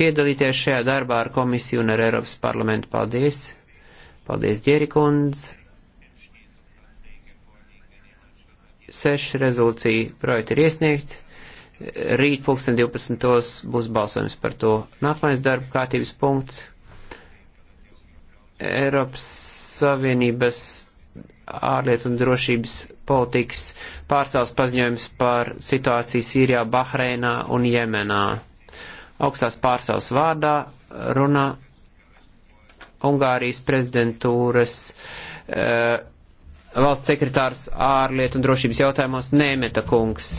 piedalīties šajā darbā ar komisiju un ar Eiropas parlamentu. Paldies! Paldies, Džerikundz! Seši rezolūcija projekti ir iesniegti. Rīt 2012. būs balsojums par to. Nākamais darba kārtības punkts. Eiropas Savienības ārlietu un drošības politikas pārstāvs paziņojums par situāciju Sīrijā, Bahreinā un Jemenā augstās pārsaules vārdā runā Ungārijas prezidentūras uh, valsts sekretārs ārlietu un drošības jautājumos Nemeta kungs.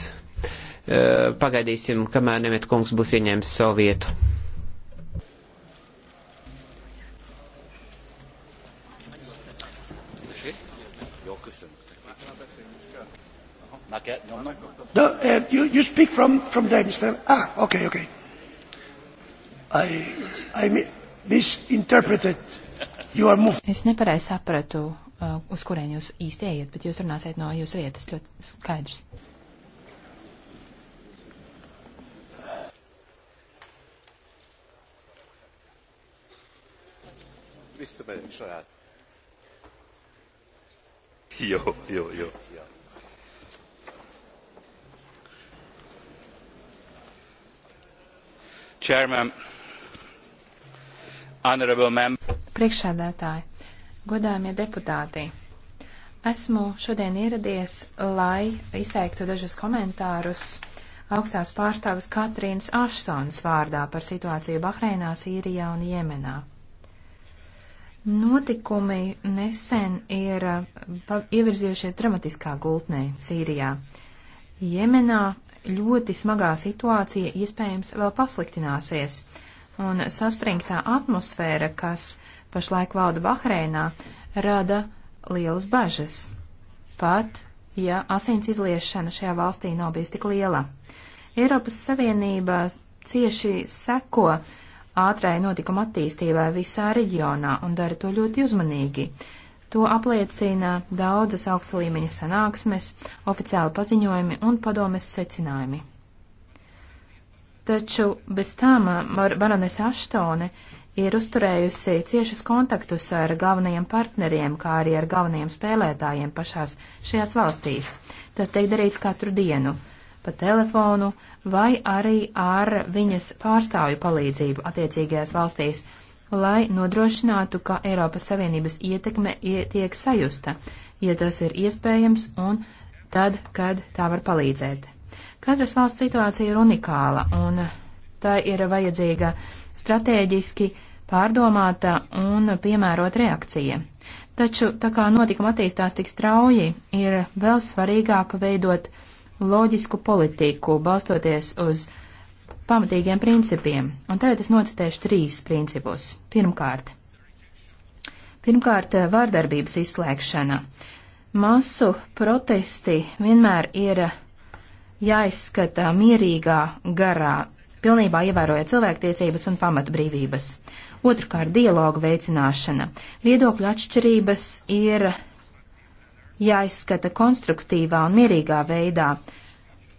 Uh, pagaidīsim, kamēr Nemeta kungs būs ieņēmis savu vietu. No, uh, you, you speak from, from there, Mr. Ah, okay, okay. I, I misinterpreted your movement. Es nepareizi sapratu, uh, uz kurien jūs īsti ejat, bet jūs runāsiet no jūsu vietas ļoti skaidrs. Visszamegyek saját. Jó, jó, jó. Ja. Chairman, Priekšsēdētāji, godājumie deputāti, esmu šodien ieradies, lai izteiktu dažus komentārus augstās pārstāvis Katrīnas Ašsonas vārdā par situāciju Bahreinā, Sīrijā un Jemenā. Notikumi nesen ir uh, ievirzījušies dramatiskā gultnē Sīrijā. Jemenā ļoti smagā situācija iespējams vēl pasliktināsies un saspringtā atmosfēra, kas pašlaik valda Bahreinā, rada lielas bažas, pat ja asins izliešana šajā valstī nav bijusi tik liela. Eiropas Savienība cieši seko ātrai notikuma attīstībai visā reģionā un dara to ļoti uzmanīgi. To apliecina daudzas augsta līmeņa sanāksmes, oficiāli paziņojumi un padomes secinājumi. Taču bez tam eh, barones Aštone ir uzturējusi ciešus kontaktus ar galvenajiem partneriem, kā arī ar galvenajiem spēlētājiem pašās šajās valstīs. Tas tiek darīts katru dienu pa telefonu vai arī ar viņas pārstāvju palīdzību attiecīgajās valstīs, lai nodrošinātu, ka Eiropas Savienības ietekme tiek sajusta, ja tas ir iespējams un tad, kad tā var palīdzēt. Katras valsts situācija ir unikāla, un tā ir vajadzīga stratēģiski pārdomāta un piemērot reakcija. Taču, tā kā notikuma attīstās tik strauji, ir vēl svarīgāk veidot loģisku politiku, balstoties uz pamatīgiem principiem. Un tagad es nocitēšu trīs principus. Pirmkārt, pirmkārt vārdarbības izslēgšana. Masu protesti vienmēr ir jāizskata mierīgā garā, pilnībā ievērojot cilvēktiesības un pamatbrīvības. Otrkārt, dialogu veicināšana. Viedokļu atšķirības ir jāizskata konstruktīvā un mierīgā veidā,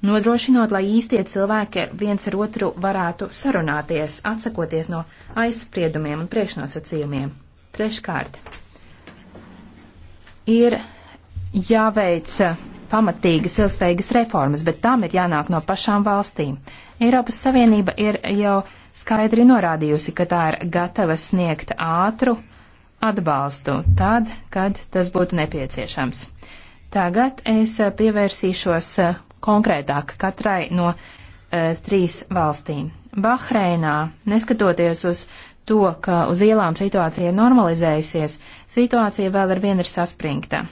nodrošinot, lai īstie cilvēki viens ar otru varētu sarunāties, atsakoties no aizspriedumiem un priekšnosacījumiem. Treškārt, ir jāveica pamatīgas, ilgspējīgas reformas, bet tam ir jānāk no pašām valstīm. Eiropas Savienība ir jau skaidri norādījusi, ka tā ir gatava sniegt ātru atbalstu tad, kad tas būtu nepieciešams. Tagad es pievērsīšos eh, konkrētāk katrai no uh, trīs valstīm. Bahreinā, neskatoties uz to, ka uz ielām situācija ir normalizējusies, situācija vēl ar vienu ir saspringta.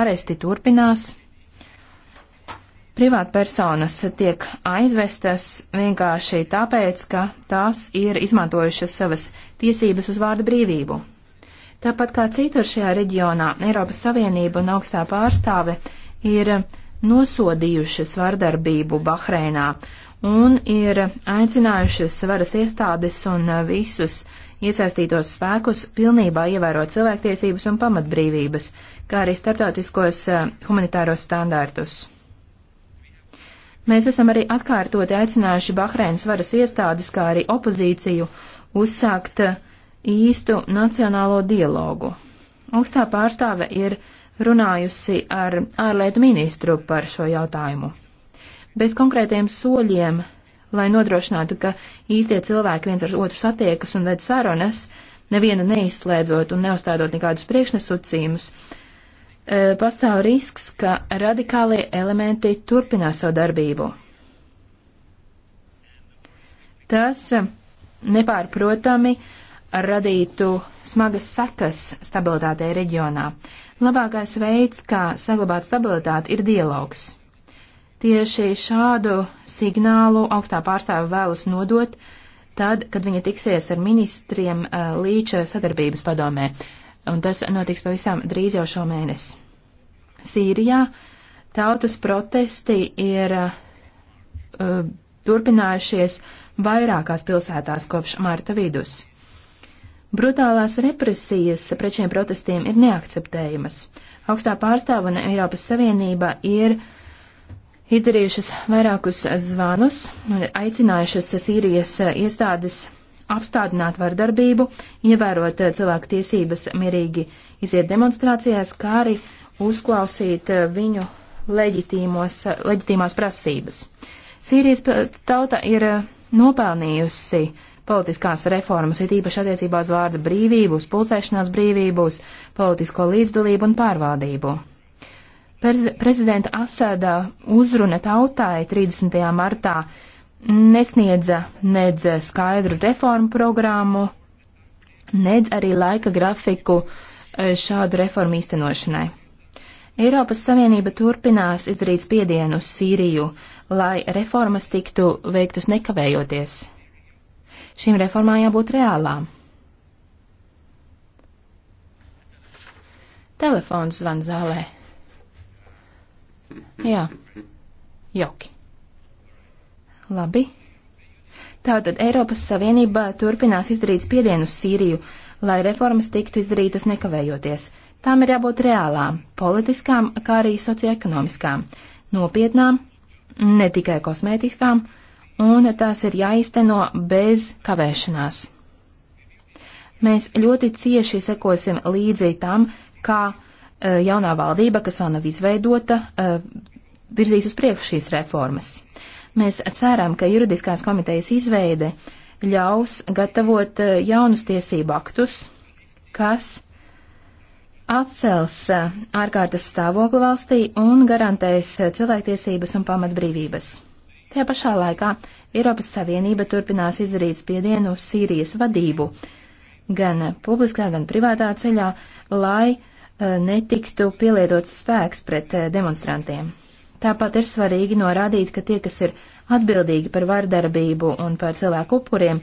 Aresti turpinās, privātpersonas tiek aizvestas vienkārši tāpēc, ka tās ir izmantojušas savas tiesības uz vārdu brīvību. Tāpat kā citur šajā reģionā, Eiropas Savienība un augstā pārstāve ir nosodījušas vardarbību Bahreinā un ir aicinājušas varas iestādes un visus iesaistītos spēkus pilnībā ievērot cilvēktiesības un pamatbrīvības, kā arī starptautiskos eh, humanitāros standārtus. Mēs esam arī atkārtoti aicinājuši Bahreinas varas iestādes, kā arī opozīciju, uzsākt uh, īstu nacionālo dialogu. Augstā pārstāve ir runājusi ar ārlietu ministru par šo jautājumu. Bez konkrētiem soļiem, lai nodrošinātu, ka īstie cilvēki viens ar otru satiekas un ved sarunas, nevienu neizslēdzot un neuzstādot nekādus priekšnesucījumus, E, pastāv risks, ka radikālie elementi turpinās savu darbību. Tas nepārprotami radītu smagas sekas stabilitātei reģionā. Labākais veids, kā saglabāt stabilitāti, ir dialogs. Tieši šādu signālu augstā pārstāve vēlas nodot tad, kad viņa tiksies ar ministriem e, līča sadarbības padomē un tas notiks pavisam drīz jau šo mēnesi. Sīrijā tautas protesti ir uh, turpinājušies vairākās pilsētās kopš marta vidus. Brutālās represijas pret šiem protestiem ir neakceptējamas. Augstā pārstāva un Eiropas Savienība ir izdarījušas vairākus zvanus un aicinājušas Sīrijas iestādes apstādināt vardarbību, ievērot eh, cilvēku tiesības mierīgi iziet demonstrācijās, kā arī uzklausīt eh, viņu eh, leģitīmās prasības. Sīrijas tauta ir nopelnījusi politiskās reformas, ir īpaši attiecībā uz vārda brīvību, uz pulcēšanās brīvību, uz politisko līdzdalību un pārvaldību. Prez prezidenta Asāda uzruna tautai 30. martā nesniedza nedz skaidru reformu programmu, nedz arī laika grafiku e, šādu reformu īstenošanai. Eiropas Savienība turpinās izdarīt spiedienu uz Sīriju, lai reformas tiktu veiktas nekavējoties. Šīm reformām jābūt reālām. Telefons zvan zālē. Jā, joki. Labi. Tātad Eiropas Savienība turpinās izdarīt spiedienu uz Sīriju, lai reformas tiktu izdarītas nekavējoties. Tām ir jābūt reālām, politiskām, kā arī socioekonomiskām, nopietnām, ne tikai kosmētiskām, un tās ir jāizteno bez kavēšanās. Mēs ļoti cieši sekosim līdzi tam, kā e, jaunā valdība, kas vēl nav izveidota, e, virzīs uz priekšu šīs reformas. E, Mēs ceram, ka juridiskās komitejas izveide ļaus gatavot eh, jaunus tiesību aktus, kas atcels eh, ārkārtas stāvokli valstī un garantēs eh, cilvēktiesības un pamatbrīvības. Tajā pašā laikā Eiropas Savienība turpinās izdarīt spiedienu uz Sīrijas vadību, gan publiskā, gan privātā ceļā, lai netiktu pielietots spēks pret demonstrantiem. Tāpat ir svarīgi norādīt, ka tie, kas ir atbildīgi par vardarbību un par cilvēku upuriem,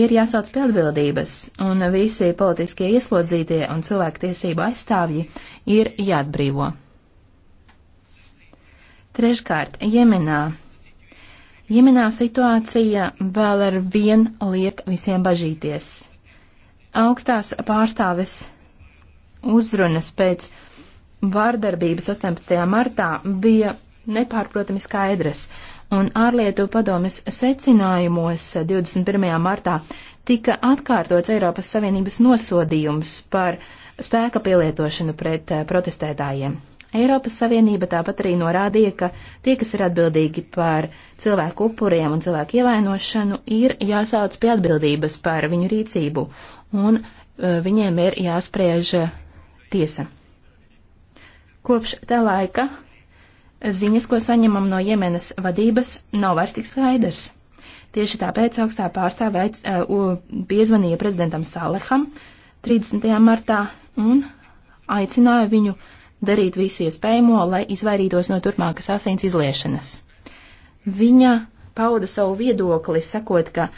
ir jāsauc pie atbildības, un visi politiskie ieslodzītie un cilvēktiesību aizstāvji ir jāatbrīvo. Treškārt, Jemenā. Jemenā situācija vēl ar vien liek visiem bažīties. Augstās pārstāves uzrunas pēc vārdarbība 18. martā bija nepārprotami skaidras, un ārlietu padomes secinājumos 21. martā tika atkārtots Eiropas Savienības nosodījums par spēka pielietošanu pret eh, protestētājiem. Eiropas Savienība tāpat arī norādīja, ka tie, kas ir atbildīgi par cilvēku upuriem un cilvēku ievainošanu, ir jāsauc pie atbildības par viņu rīcību, un eh, viņiem ir jāspriež tiesa. Kopš tā laika ziņas, ko saņemam no Jemenas vadības, nav vairs tik skaidrs. Tieši tāpēc augstā pārstāve uh, piezvanīja prezidentam Saleham 30. martā un aicināja viņu darīt visu iespējamo, lai izvairītos no turpmākas asins izliešanas. Viņa pauda savu viedokli, sakot, ka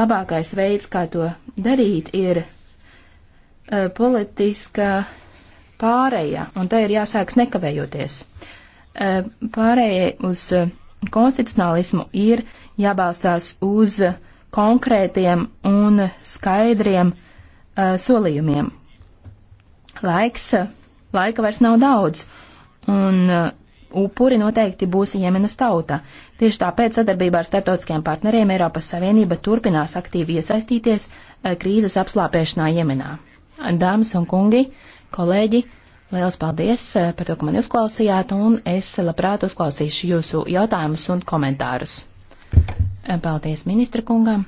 labākais veids, kā to darīt, ir uh, politiska pārējā, un tā ir jāsāks nekavējoties. E, Pārējai uz e, konstitucionālismu ir jābalstās uz konkrētiem un skaidriem uh, solījumiem. Laiks, laika vairs nav daudz, un uh, upuri noteikti būs Jemenas tauta. Tieši tāpēc sadarbībā ar starptautiskiem partneriem Eiropas Savienība turpinās aktīvi iesaistīties uh, krīzes apslāpēšanā Jemenā. Dāmas un kungi, Kolēģi, liels paldies eh, par to, ka mani uzklausījāt, un es labprāt uzklausīšu jūsu jautājumus un komentārus. Eh, paldies ministra kungam.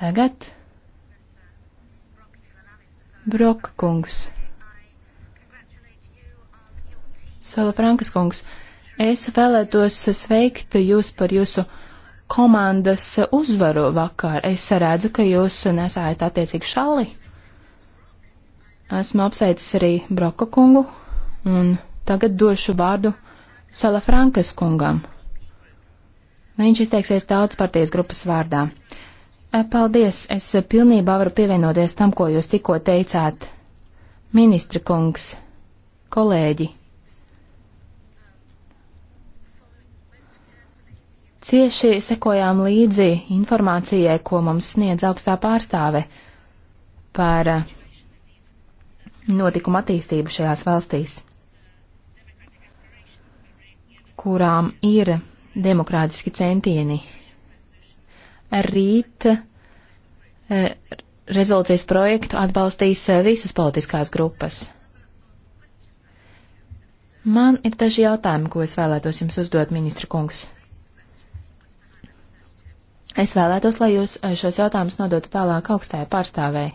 Tagad Broka kungs. Sala Frankas kungs, es vēlētos sveikt jūs par jūsu komandas uzvaru vakar. Es redzu, ka jūs nesājat attiecīgi šalli. Esmu apsveicis arī Broka kungu un tagad došu vārdu Salafrankas kungam. Viņš izteiksies tautas partijas grupas vārdā. E, paldies, es pilnībā varu pievienoties tam, ko jūs tikko teicāt. Ministra kungs, kolēģi. Cieši sekojām līdzi informācijai, ko mums sniedz augstā pārstāve par eh, notikuma attīstību šajās valstīs, kurām ir demokrātiski centieni. Rīt eh, rezolūcijas projektu atbalstīs eh, visas politiskās grupas. Man ir daži jautājumi, ko es vēlētos jums uzdot, ministra kungs. Es vēlētos, lai jūs eh, šos jautājumus nodotu tālāk augstajai pārstāvēji.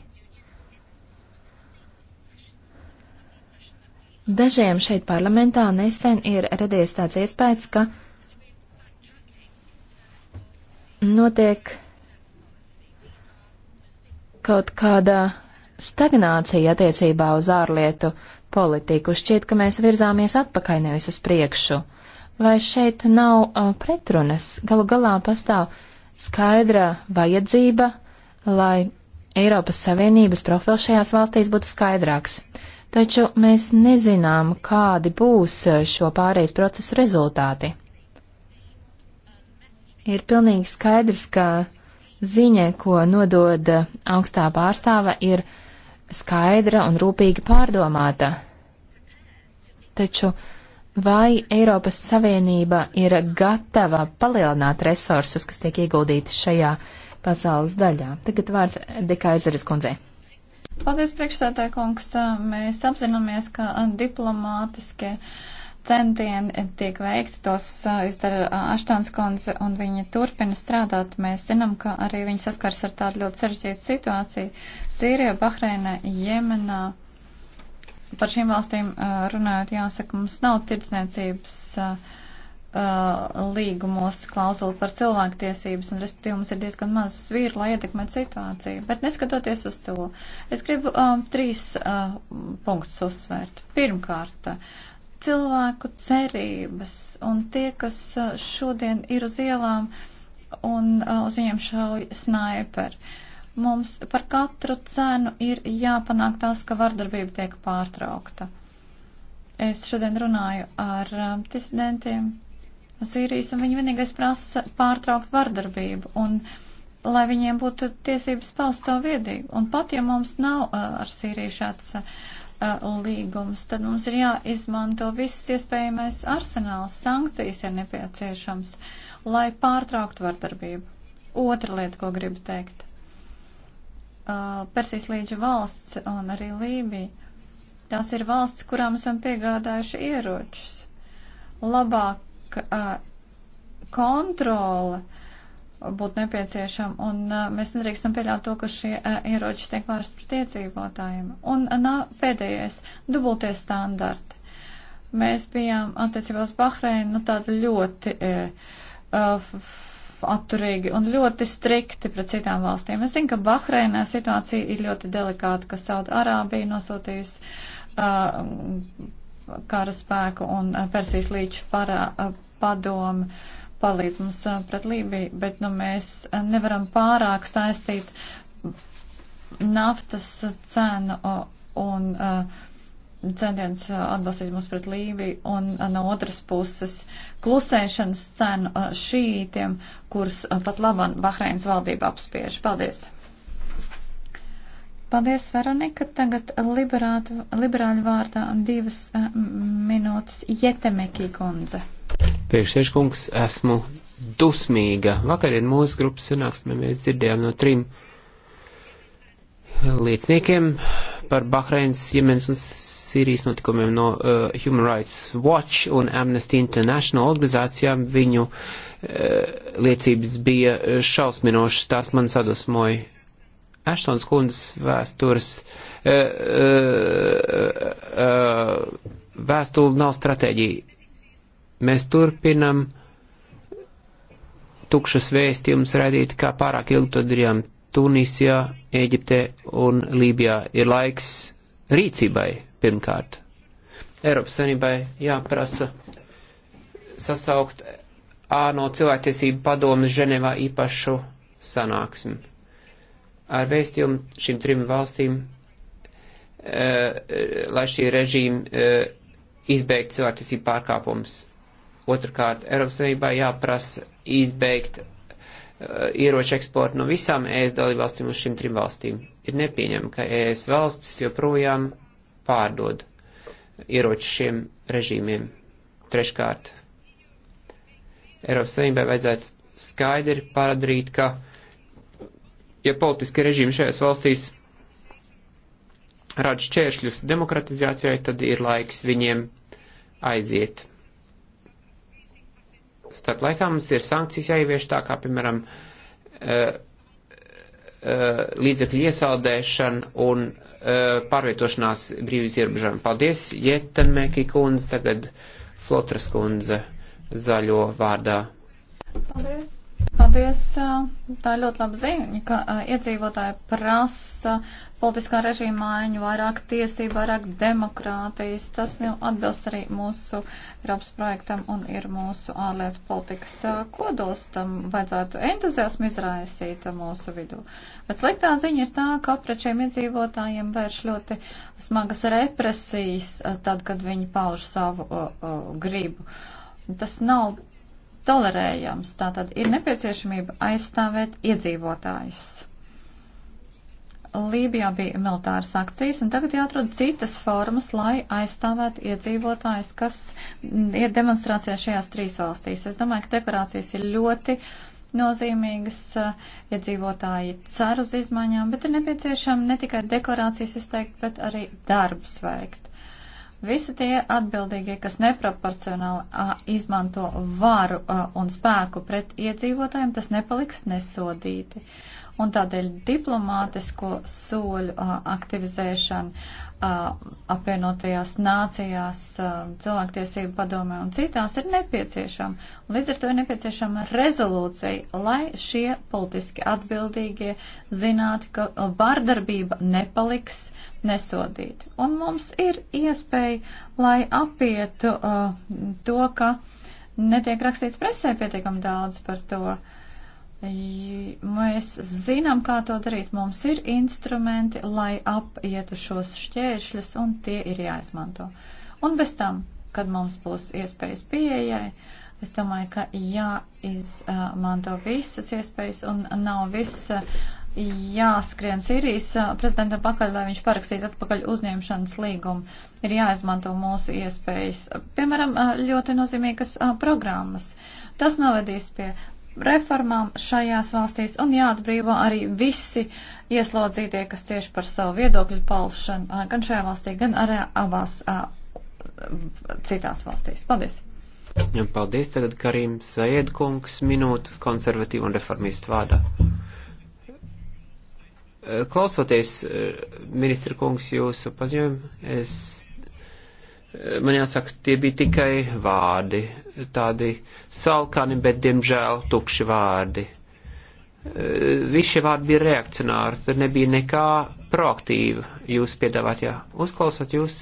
Dažiem šeit parlamentā nesen ir radies tāds iespējas, ka notiek kaut kāda stagnācija attiecībā uz ārlietu politiku. Šķiet, ka mēs virzāmies atpakaļ nevis uz priekšu. Vai šeit nav uh, pretrunas? Galu galā pastāv skaidra vajadzība, lai Eiropas Savienības profils šajās valstīs būtu skaidrāks. Taču mēs nezinām, kādi būs šo pārejas procesu rezultāti. Ir pilnīgi skaidrs, ka ziņa, ko nodod augstā pārstāva, ir skaidra un rūpīgi pārdomāta. Taču Vai Eiropas Savienība ir gatava palielināt resursus, kas tiek ieguldīti šajā pasaules daļā? Tagad vārds Dekaizeres kundzei. Paldies, priekšsētāja kungs. Mēs apzināmies, ka diplomātiskie centieni tiek veikti, tos izdara Aštons kundze un viņa turpina strādāt. Mēs zinām, ka arī viņa saskars ar tādu ļoti sarežģītu situāciju Sīrijā, Bahreinā, Jemenā par šīm valstīm runājot, jāsaka, mums nav tirdzniecības līgumos klauzula par cilvēktiesības, un respektīvi mums ir diezgan maz svīru, lai ietekmētu situāciju. Bet neskatoties uz to, es gribu um, trīs uh, punktus uzsvērt. Pirmkārt, cilvēku cerības un tie, kas šodien ir uz ielām un uh, uz viņiem šauj snaiperi. Uh, Mums par katru cenu ir jāpanāk tas, ka vardarbība tiek pārtraukta. Es šodien runāju ar um, disidentiem no Sīrijas, un viņi vienīgais prasa pārtraukt vardarbību, un lai viņiem būtu tiesības paust savu viedību. Un pat, ja mums nav uh, ar Sīriju šāds uh, līgums, tad mums ir jāizmanto viss iespējamais arsenāls, sankcijas ir nepieciešams, lai pārtrauktu vardarbību. Otra lieta, ko gribu teikt. Uh, Persijas līdža valsts un arī Lībija. Tās ir valsts, kurām esam piegādājuši ieročus. Labāk uh, kontrole būtu nepieciešama, un uh, mēs nedrīkstam pieļaut to, ka šie uh, ieroči tiek vērsti pret iedzīvotājiem. Un uh, pēdējais - dubultie standarti. Mēs bijām attiecībā uz Bahreinu nu, tāda ļoti. Uh, uh, atturīgi un ļoti strikti pret citām valstīm. Es zinu, ka Bahreinā situācija ir ļoti delikāta, ka Sauda Arābija nosūtījusi uh, kara spēku un uh, Persijas līča parā, uh, padomu palīdz mums uh, pret Lībiju, bet nu, mēs uh, nevaram pārāk saistīt naftas cenu uh, un. Uh, centiens uh, atbalstīt mūs pret Lībiju, un uh, no otras puses klusēšanas cenu uh, šītiem, kuras pat labam Bahreins valdība apspiež. Paldies! Paldies, Veronika. Tagad liberātu, liberāļu vārdā divas minūtes Jetemekī kundze. Priekšsēžkungs, esmu dusmīga. Vakarien mūsu grupas sanāksmē mēs dzirdējām no trim lieciniekiem par Bahreinas, Jemenas un Sīrijas notikumiem no uh, Human Rights Watch un Amnesty International organizācijām. Viņu uh, liecības bija eh, šausminošas, tās man sadusmoja. Ashtons kundzes vēstures. Uh, uh, uh, vēstule nav stratēģija. Mēs turpinam tukšas vēstījumus radīt, kā pārāk ilgi to darījām Tunisijā, Ēģiptē un Lībijā. Ir laiks rīcībai pirmkārt. Eiropas Savienībai jāprasa sasaukt ANO cilvēktiesību padomas Ženevā īpašu sanāksmi. Ar vēstījumu šīm trim valstīm, e, lai šī režīma e, eh, izbeigt cilvēktiesību pārkāpums. Otrakārt, Eiropas Savienībā jāprasa izbeigt Eh, ieroču eksportu no visām ES dalībvalstīm uz šīm trim valstīm. Ir nepieņem, ka ES valstis joprojām pārdod ieroču šiem režīmiem. Treškārt, Eiropas Savienībai vajadzētu skaidri paradarīt, ka, ja politiski režīmi šajās valstīs rada šķēršļus demokratizācijai, tad ir laiks viņiem aiziet. Starp laikā mums ir sankcijas jāievieš tā, kā, piemēram, eh, eh, līdzekļu iesaldēšana un eh, pārvietošanās brīvis ierobežojumi. Paldies, Jetenmeki kundze, tagad Flotras kundze zaļo vārdā. Paldies. Paldies! Tā ir ļoti laba ziņa, ka iedzīvotāji prasa politiskā režīma maiņu, vairāk tiesību, vairāk demokrātijas. Tas jau nu atbilst arī mūsu Eiropas projektam un ir mūsu ārlietu politikas kodols. Tam vajadzētu entuziasmu izraisīt mūsu vidū. Bet sliktā ziņa ir tā, ka pret šiem iedzīvotājiem vērš ļoti smagas represijas, tad, kad viņi pauž savu uh, uh, gribu. Tas nav tolerējams. Tātad ir nepieciešamība aizstāvēt iedzīvotājus. Lībijā bija militāras akcijas, un tagad jāatrod citas formas, lai aizstāvētu iedzīvotājus, kas ir demonstrācijā šajās trīs valstīs. Es domāju, ka deklarācijas ir ļoti nozīmīgas, iedzīvotāji cer uz izmaiņām, bet ir nepieciešama ne tikai deklarācijas izteikt, bet arī darbus veikt. Visi tie atbildīgie, kas neproporcionāli izmanto varu un spēku pret iedzīvotājiem, tas nepaliks nesodīti. Un tādēļ diplomātisko soļu aktivizēšana apvienotajās nācijās, cilvēktiesību padomē un citās ir nepieciešama. Līdz ar to ir nepieciešama rezolūcija, lai šie politiski atbildīgie zinātu, ka vardarbība nepaliks nesodīti. Un mums ir iespēja, lai apietu uh, to, ka netiek rakstīts presē pietiekam daudz par to. Mēs zinām, kā to darīt. Mums ir instrumenti, lai apietu šos šķēršļus, un tie ir jāizmanto. Un bez tam, kad mums būs iespējas pieejai, es domāju, ka jāizmanto visas iespējas un nav viss jāskrien Sīrijas prezidentam pakaļ, lai viņš parakstītu atpakaļ uzņemšanas līgumu. Ir jāizmanto mūsu iespējas. Piemēram, ļoti nozīmīgas programmas. Tas novedīs pie reformām šajās valstīs un jāatbrīvo arī visi ieslodzītie, kas tieši par savu viedokļu paušanu gan šajā valstī, gan arī abās citās valstīs. Paldies! Ja, paldies, tagad Karim Sajedkungs minūte konservatīvu un reformistu vārdā. Klausoties, eh, ministra kungs, jūsu paziņojumu, es, eh, man jāsaka, tie bija tikai vārdi, tādi salkani, bet, diemžēl, tukši vārdi. Eh, visi šie vārdi bija reakcionāri, tur nebija nekā proaktīva jūs piedāvātajā. Uzklausot jūs,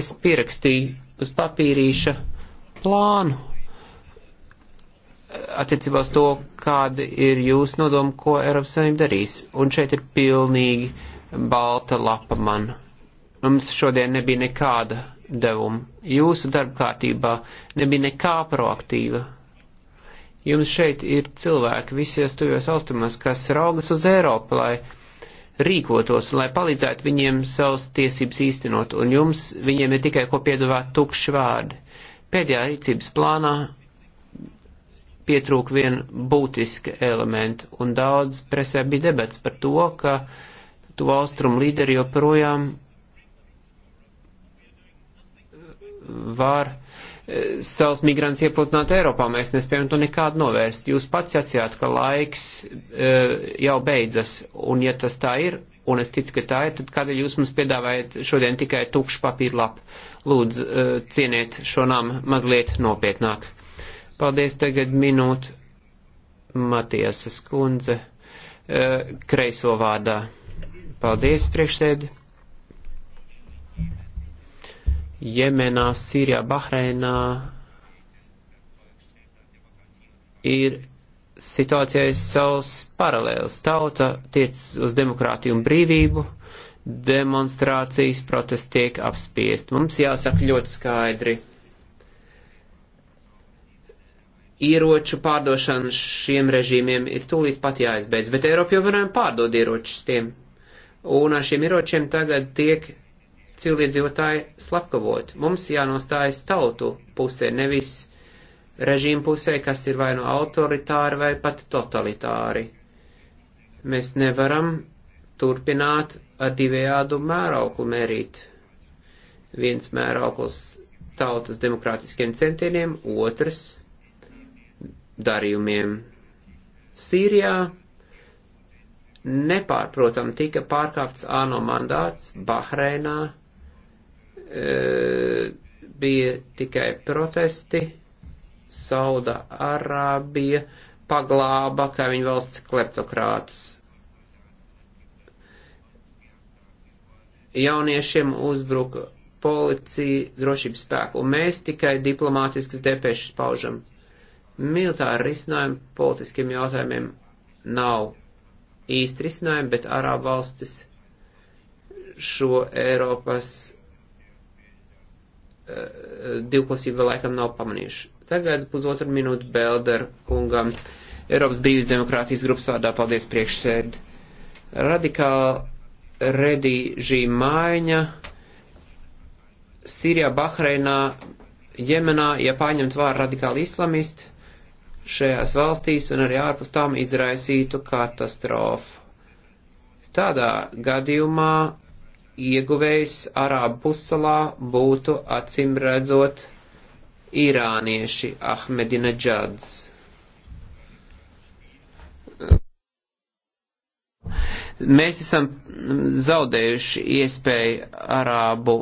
es pierakstīju uz papīrīša plānu attiecībā uz to, kāda ir jūsu nodoma, ko Eiropas Savienība darīs. Un šeit ir pilnīgi balta lapa man. Mums šodien nebija nekāda devuma. Jūsu darba kārtībā nebija nekā proaktīva. Jums šeit ir cilvēki visies tujos austrumos, kas raugas uz Eiropu, lai rīkotos, lai palīdzētu viņiem savas tiesības īstenot, un jums viņiem ir tikai ko piedāvāt tukši vārdi. Pēdējā rīcības plānā pietrūk vien būtiska elementa, un daudz presē bija debats par to, ka tuvu austrumu līderi joprojām uh, var uh, savus migrants iepludināt Eiropā, mēs nespējam to nekādu novērst. Jūs pats atsījāt, ka laiks uh, jau beidzas, un ja tas tā ir, un es ticu, ka tā ir, tad kādēļ jūs mums piedāvājat šodien tikai tukšu papīru lapu? Lūdzu, cieniet šo nām mazliet nopietnāk. Paldies tagad minūte Matiasas kundze eh, kreiso vārdā. Paldies priekšsēdi. Jemenā, Sīrijā, Bahreinā ir situācijai savs paralēls. Tauta tiec uz demokrātiju un brīvību, demonstrācijas, protesti tiek apspiest. Mums jāsaka ļoti skaidri ieroču pārdošana šiem režīmiem ir tūlīt pat jāizbeidz, bet Eiropa joprojām pārdod ieročus tiem. Un ar šiem ieročiem tagad tiek cilvēdzīvotāji slepkavot. Mums jānostājas tautu pusē, nevis režīmu pusē, kas ir vai nu no autoritāri vai pat totalitāri. Mēs nevaram turpināt ar divējādu mērauklu mērīt. Viens mērauklis tautas demokrātiskiem centieniem, otrs darījumiem Sīrijā. Nepārprotam tika pārkāpts ANO mandāts Bahreinā, e, bija tikai protesti, Sauda Arābija paglāba kaimiņu valsts kleptokrātus. Jauniešiem uzbruka policija, drošības spēku, un mēs tikai diplomātiskas depešas paužam. Militāri risinājumi politiskiem jautājumiem nav īsti risinājumi, bet Arābu valstis šo Eiropas uh, eh, divkosību vēl laikam nav pamanījuši. Tagad pusotru minūtu Belder kungam Eiropas brīvis demokrātijas grupas vārdā paldies priekšsēdi. Radikāla redīžīma maiņa Sīrijā, Bahreinā, Jemenā, ja pārņemt vārdu radikāli islamisti, šajās valstīs un arī ārpus tām izraisītu katastrofu. Tādā gadījumā ieguvējs Arābu pusalā būtu acim redzot irānieši Ahmedina Džads. Mēs esam zaudējuši iespēju Arābu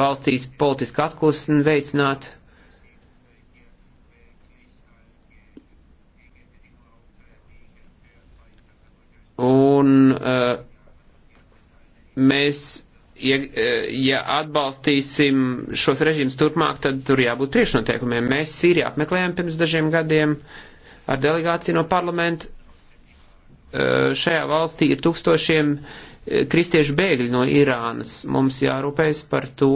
valstīs politisku atklāsmi veicināt Un uh, mēs, ja, eh, ja atbalstīsim šos režīmus turpmāk, tad tur jābūt priekšnoteikumiem. Mēs Sīriju apmeklējām pirms dažiem gadiem ar delegāciju no parlamenta. Uh, šajā valstī ir tūkstošiem kristiešu bēgļi no Irānas. Mums jārūpējas par to,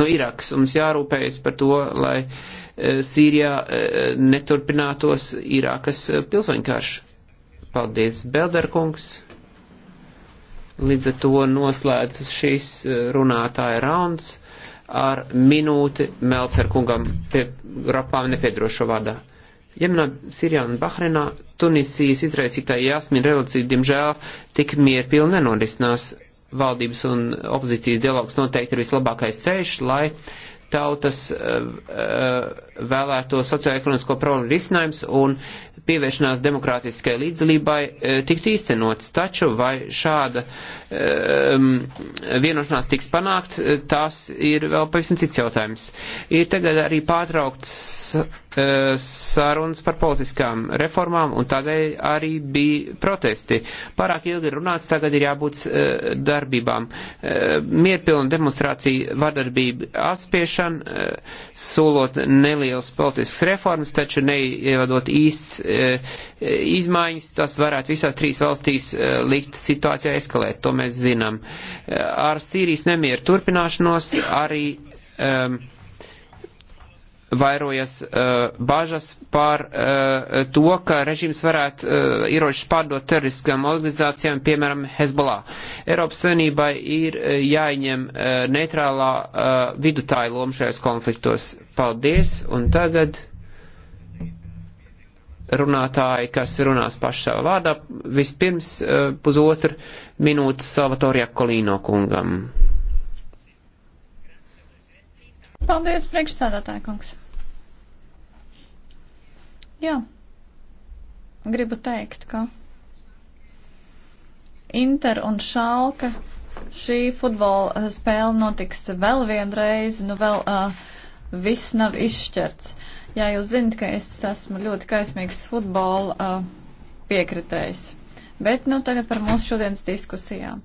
no Irakas, mums jārūpējas par to, lai Sīrijā neturpinātos Irākas pilsoņkarš. Paldies, Belderkungs. Līdz ar to noslēdz šīs eh, runātāja rauns ar minūti Melcer kungam pie rapām nepiedrošo vārdā. Jemenā, Sirijā un Bahreinā Tunisijas izraisītāja jāsmina revolūcija, diemžēl, tik mierpilni nenorisinās. Valdības un opozīcijas dialogs noteikti ir vislabākais ceļš, lai uh, tautas eh, eh, vēlēto socioekonomisko problēmu risinājums un pievēršanās demokrātiskai līdzdalībai eh, tiktu īstenots. Taču vai šāda um, vienošanās tiks panākt, tas ir vēl pavisam cits jautājums. Ir tagad arī pārtraukts Eh, sarunas par politiskām reformām, un tādēļ arī bija protesti. Pārāk ilgi runāts, tagad ir jābūt eh, darbībām. Eh, mierpilna demonstrācija, vardarbība, apspiešana, solot nelielas politiskas reformas, taču neievadot īsts izmaiņas, tas varētu visās trīs valstīs likt situācijā eskalēt, to mēs zinām. Ar Sīrijas nemieru turpināšanos arī. Um, vairojas uh, bažas par uh, to, ka režīms varētu uh, ieročus pārdot teroriskām organizācijām, piemēram, Hezbollah. Eiropas Savienībai ir uh, jāņem uh, neitrālā uh, vidutāja loma šajos konfliktos. Paldies, un tagad runātāji, kas runās paši savā vārdā, vispirms uh, pusotru minūtes Salvatorijā Kolīno kungam. Paldies, priekšsādātāja kungs. Jā, gribu teikt, ka Inter un Šalka šī futbola eh, spēle notiks vēl vienreiz, nu vēl uh, viss nav izšķirts. Jā, jūs zinat, ka es esmu ļoti kaismīgs futbola uh, piekritējs. Bet nu tagad par mūsu šodienas diskusijām.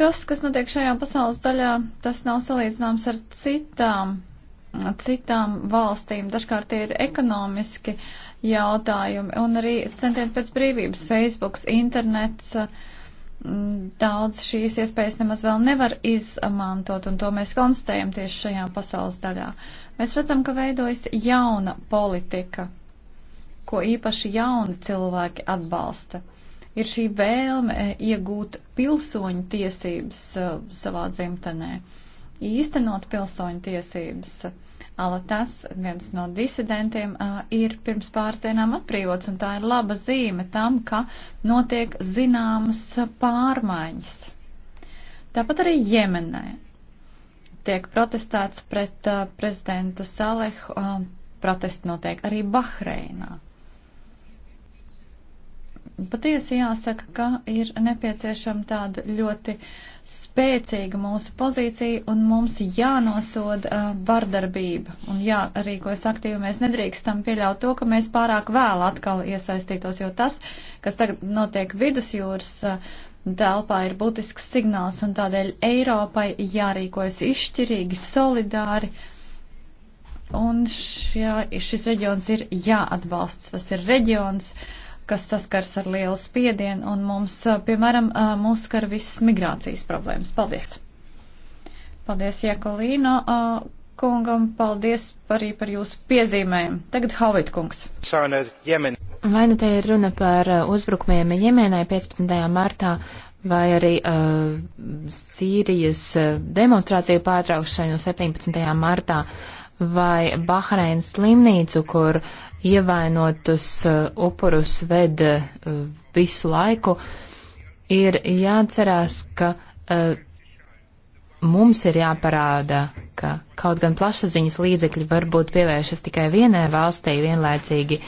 Tas, kas notiek šajā pasaules daļā, tas nav salīdzināms ar citām citām valstīm. Dažkārt tie ir ekonomiski jautājumi un arī centieni pēc brīvības. Facebooks, internets, mm, daudz šīs iespējas nemaz vēl nevar izmantot un to mēs konstatējam tieši šajā pasaules daļā. Mēs redzam, ka veidojas jauna politika, ko īpaši jauni cilvēki atbalsta. Ir šī vēlme eh, iegūt pilsoņu tiesības eh, savā dzimtenē, īstenot pilsoņu tiesības Alatas, viens no disidentiem, ir pirms pāris dienām atbrīvots, un tā ir laba zīme tam, ka notiek zināmas pārmaiņas. Tāpat arī Jemenē tiek protestēts pret uh, prezidentu Salehu, uh, protesti notiek arī Bahreinā patiesi jāsaka, ka ir nepieciešama tāda ļoti spēcīga mūsu pozīcija un mums jānosoda uh, vardarbība un jārīkojas aktīvi. Mēs nedrīkstam pieļaut to, ka mēs pārāk vēl atkal iesaistītos, jo tas, kas tagad notiek vidusjūras uh, telpā, ir būtisks signāls un tādēļ Eiropai jārīkojas izšķirīgi, solidāri. Un šā, šis reģions ir jāatbalsts. Tas ir reģions. Uh, kas saskars ar lielu spiedienu, un mums, piemēram, mūs skar visas migrācijas problēmas. Paldies! Paldies, Jekolīno kungam, paldies arī par jūsu piezīmēm. Tagad Havit kungs. Vai nu te ir runa par uzbrukumiem Jemenai 15. martā, vai arī uh, Sīrijas demonstrāciju pārtraukšanu 17. martā, vai Bahreinas slimnīcu, kur uh, ievainotus eh, upurus ved eh, visu laiku, ir jāatcerās, ka eh, mums ir jāparāda, ka kaut gan plašsaziņas līdzekļi varbūt pievēršas tikai vienai valstī vienlaicīgi,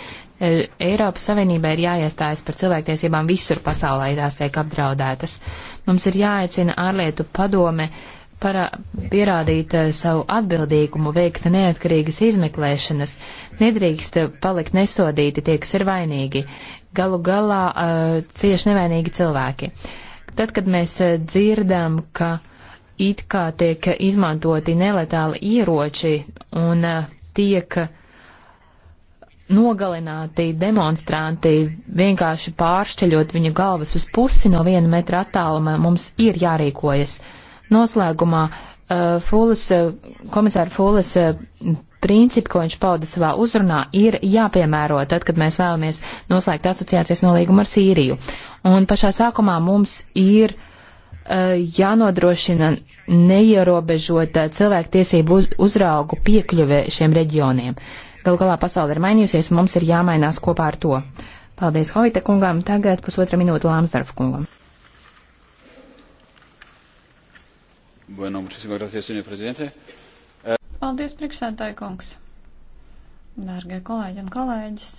Eiropas Savienībai ir jāiestājas par cilvēktiesībām visur pasaulē, ja tās tiek apdraudētas. Mums ir jāaicina ārlietu padome parā, pierādīt eh, savu atbildīgumu, veikt neatkarīgas izmeklēšanas, nedrīkst palikt nesodīti tie, kas ir vainīgi. Galu galā uh, cieši nevainīgi cilvēki. Tad, kad mēs eh, dzirdam, ka it kā tiek izmantoti neletāli ieroči un uh, tiek nogalināti demonstranti, vienkārši pāršķeļot viņu galvas uz pusi no viena metra attāluma, mums ir jārīkojas. Uh, Noslēgumā eh, Fūles, eh, komisāra Fūles eh, principi, ko viņš pauda savā uzrunā, ir jāpiemēro tad, kad mēs vēlamies noslēgt asociācijas nolīgumu ar Sīriju. Un pašā sākumā mums ir uh, jānodrošina neierobežota cilvēktiesību uz, uzraugu piekļuve šiem reģioniem. Gal galā pasaule ir mainījusies, un mums ir jāmainās kopā ar to. Paldies Hovita kungam, tagad pusotra minūte Lāmsdarfa kungam. Bueno, muchísimas gracias, señor presidente. Paldies, priekšsēdētāji kungs. Dārgie kolēģi un kolēģis.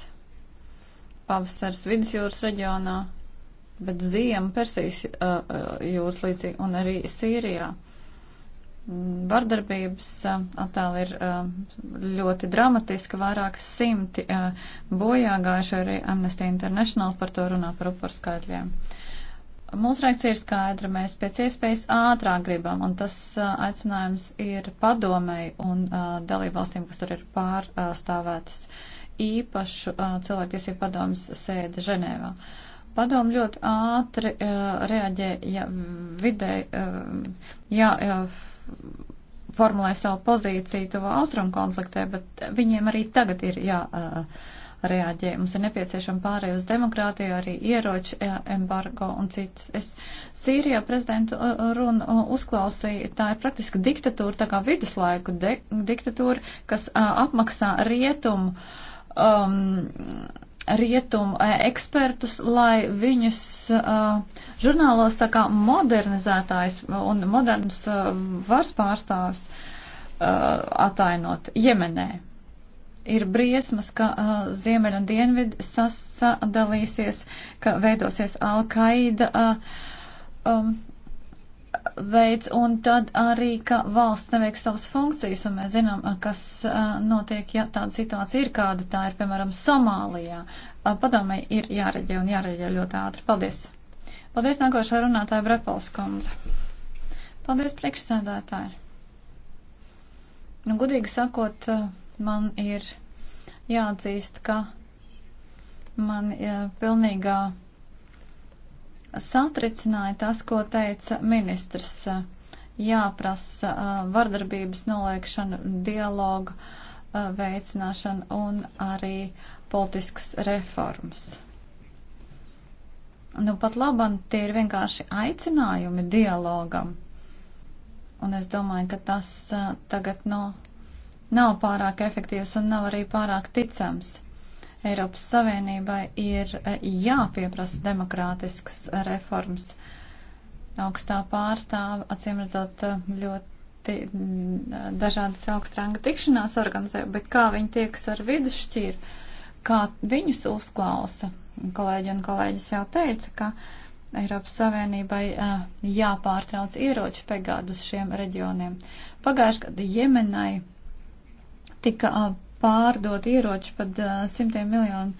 Pavasars vidusjūras reģionā, bet ziema Persijas uh, uh, jūras līdzīgi un arī Sīrijā. Vardarbības uh, attēli ir ļoti dramatiski, vairāk simti bojā gājuši arī Amnesty International par to runā par upurskaitļiem. skaitļiem. Mūsu reakcija ir skaidra, mēs pēc iespējas ātrāk gribam, un tas uh, aicinājums ir padomei un uh, dalībvalstīm, kas tur ir pārstāvētas īpašu uh, cilvēktiesību padomas sēde Ženēvā. Padomu ļoti ātri uh, reaģē, ja vidē, uh, ja uh, formulē savu pozīciju tuvā austrumu konfliktē, bet viņiem arī tagad ir jā. Uh, jāreaģē. Mums ir nepieciešama pārēj uz demokrātiju, arī ieroču e, embargo un citas. Es Sīrijā prezidentu e, runu e, uzklausīju, tā ir praktiski diktatūra, tā kā viduslaiku diktatūra, kas apmaksā rietumu. Um, rietumu ekspertus, lai viņus uh, žurnālos tā kā modernizētājs un moderns uh, varas pārstāvs uh, atainot Jemenē ir briesmas, ka uh, ziemeļa un dienvidi sasadalīsies, ka veidosies Al-Qaida uh, um, veids, un tad arī, ka valsts neveiks savas funkcijas, un mēs zinām, kas uh, notiek, ja tāda situācija ir kāda, tā ir, piemēram, Somālijā. Uh, padomē ir jāreģē un jāreģē ļoti ātri. Paldies! Paldies nākošā runātāja Brepals kundze. Paldies priekšsēdētāji. Nu, gudīgi sakot, uh, man ir jāatzīst, ka man jā, pilnīgā satricināja tas, ko teica ministrs. Eh, jāprasa eh, vardarbības noliekšana, dialoga eh, veicināšana un arī politiskas reformas. Nu, pat labam tie ir vienkārši aicinājumi dialogam. Un es domāju, ka tas tagad no. Nu, nav pārāk efektīvs un nav arī pārāk ticams. Eiropas Savienībai ir e, jāpieprasa demokrātiskas e, reformas. Augstā pārstāve, acīm redzot, e, ļoti dažādas augstranga tikšanās organizē, bet kā viņi tieks ar vidusšķīru, kā viņus uzklausa. Kolēģi un kolēģis jau teica, ka Eiropas Savienībai jāpārtrauc ieroču pegādus šiem reģioniem. Pagājuši gadu Jemenai tika pārdot ieroči pat simtiem miljonu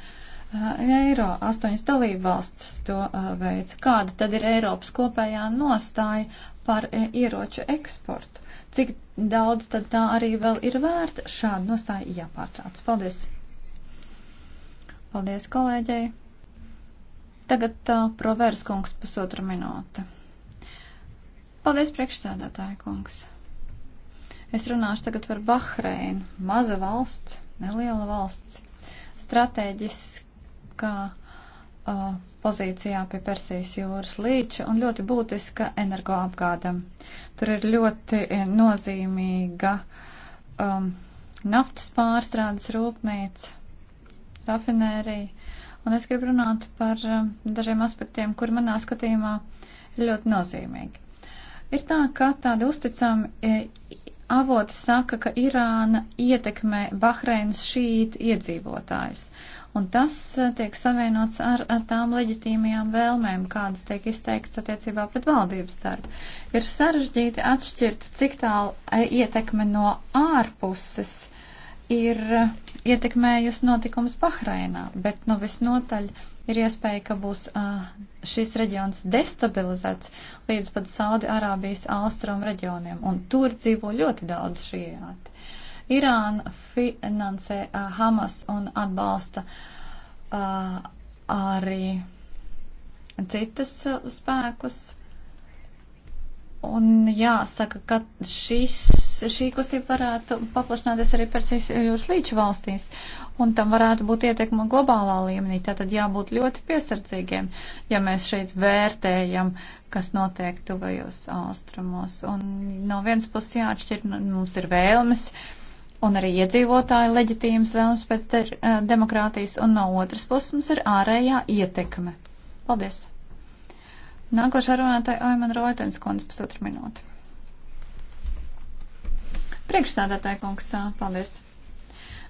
eiro. Astoņas dalībvalstis to veica. Kāda tad ir Eiropas kopējā nostāja par ieroču eksportu? Cik daudz tad tā arī vēl ir vērta? Šāda nostāja jāpārtrauc. Paldies! Paldies kolēģei! Tagad uh, provērs kungs pusotra minūte. Paldies priekšsēdētāja kungs! Es runāšu tagad par Bahreinu. Maza valsts, neliela valsts, stratēģiskā uh, pozīcijā pie Persijas jūras līča un ļoti būtiska energoapgādam. Tur ir ļoti eh, nozīmīga um, naftas pārstrādes rūpnīca, rafinērija. Un es gribu runāt par um, dažiem aspektiem, kur manā skatījumā ir ļoti nozīmīgi. Ir tā, ka tādi uzticami eh, avoti saka, ka Irāna ietekmē Bahreinas šīta iedzīvotājs. Un tas eh, tiek savienots ar, ar tām leģitīmajām vēlmēm, kādas tiek izteikts attiecībā pret valdības darbu. Ir sarežģīti atšķirt, cik tālu eh, ietekme no ārpuses ir eh, ietekmējusi notikums Bahreinā, bet nu visnotaļ ir iespēja, ka būs uh, šis reģions destabilizēts līdz pat Saudi Arābijas austrumu reģioniem, un tur dzīvo ļoti daudz šijāti. Irāna finansē uh, Hamas un atbalsta uh, arī citas uh, spēkus. Un jāsaka, ka šis šī kustība varētu paplašināties arī Persijas jūras līča valstīs, un tam varētu būt ietekma globālā līmenī. Tātad jābūt ļoti piesardzīgiem, ja mēs šeit vērtējam, kas notiek tuvajos austrumos. Un no vienas puses jāatšķir, nu, mums ir vēlmes un arī iedzīvotāju leģitīmas vēlmes pēc de eh, demokrātijas, un no otras puses mums ir ārējā ietekme. Paldies! Nākošā runātāja Aimana Roitens, kundze, pusotru minūti. Priekšstādātāja kungs, paldies.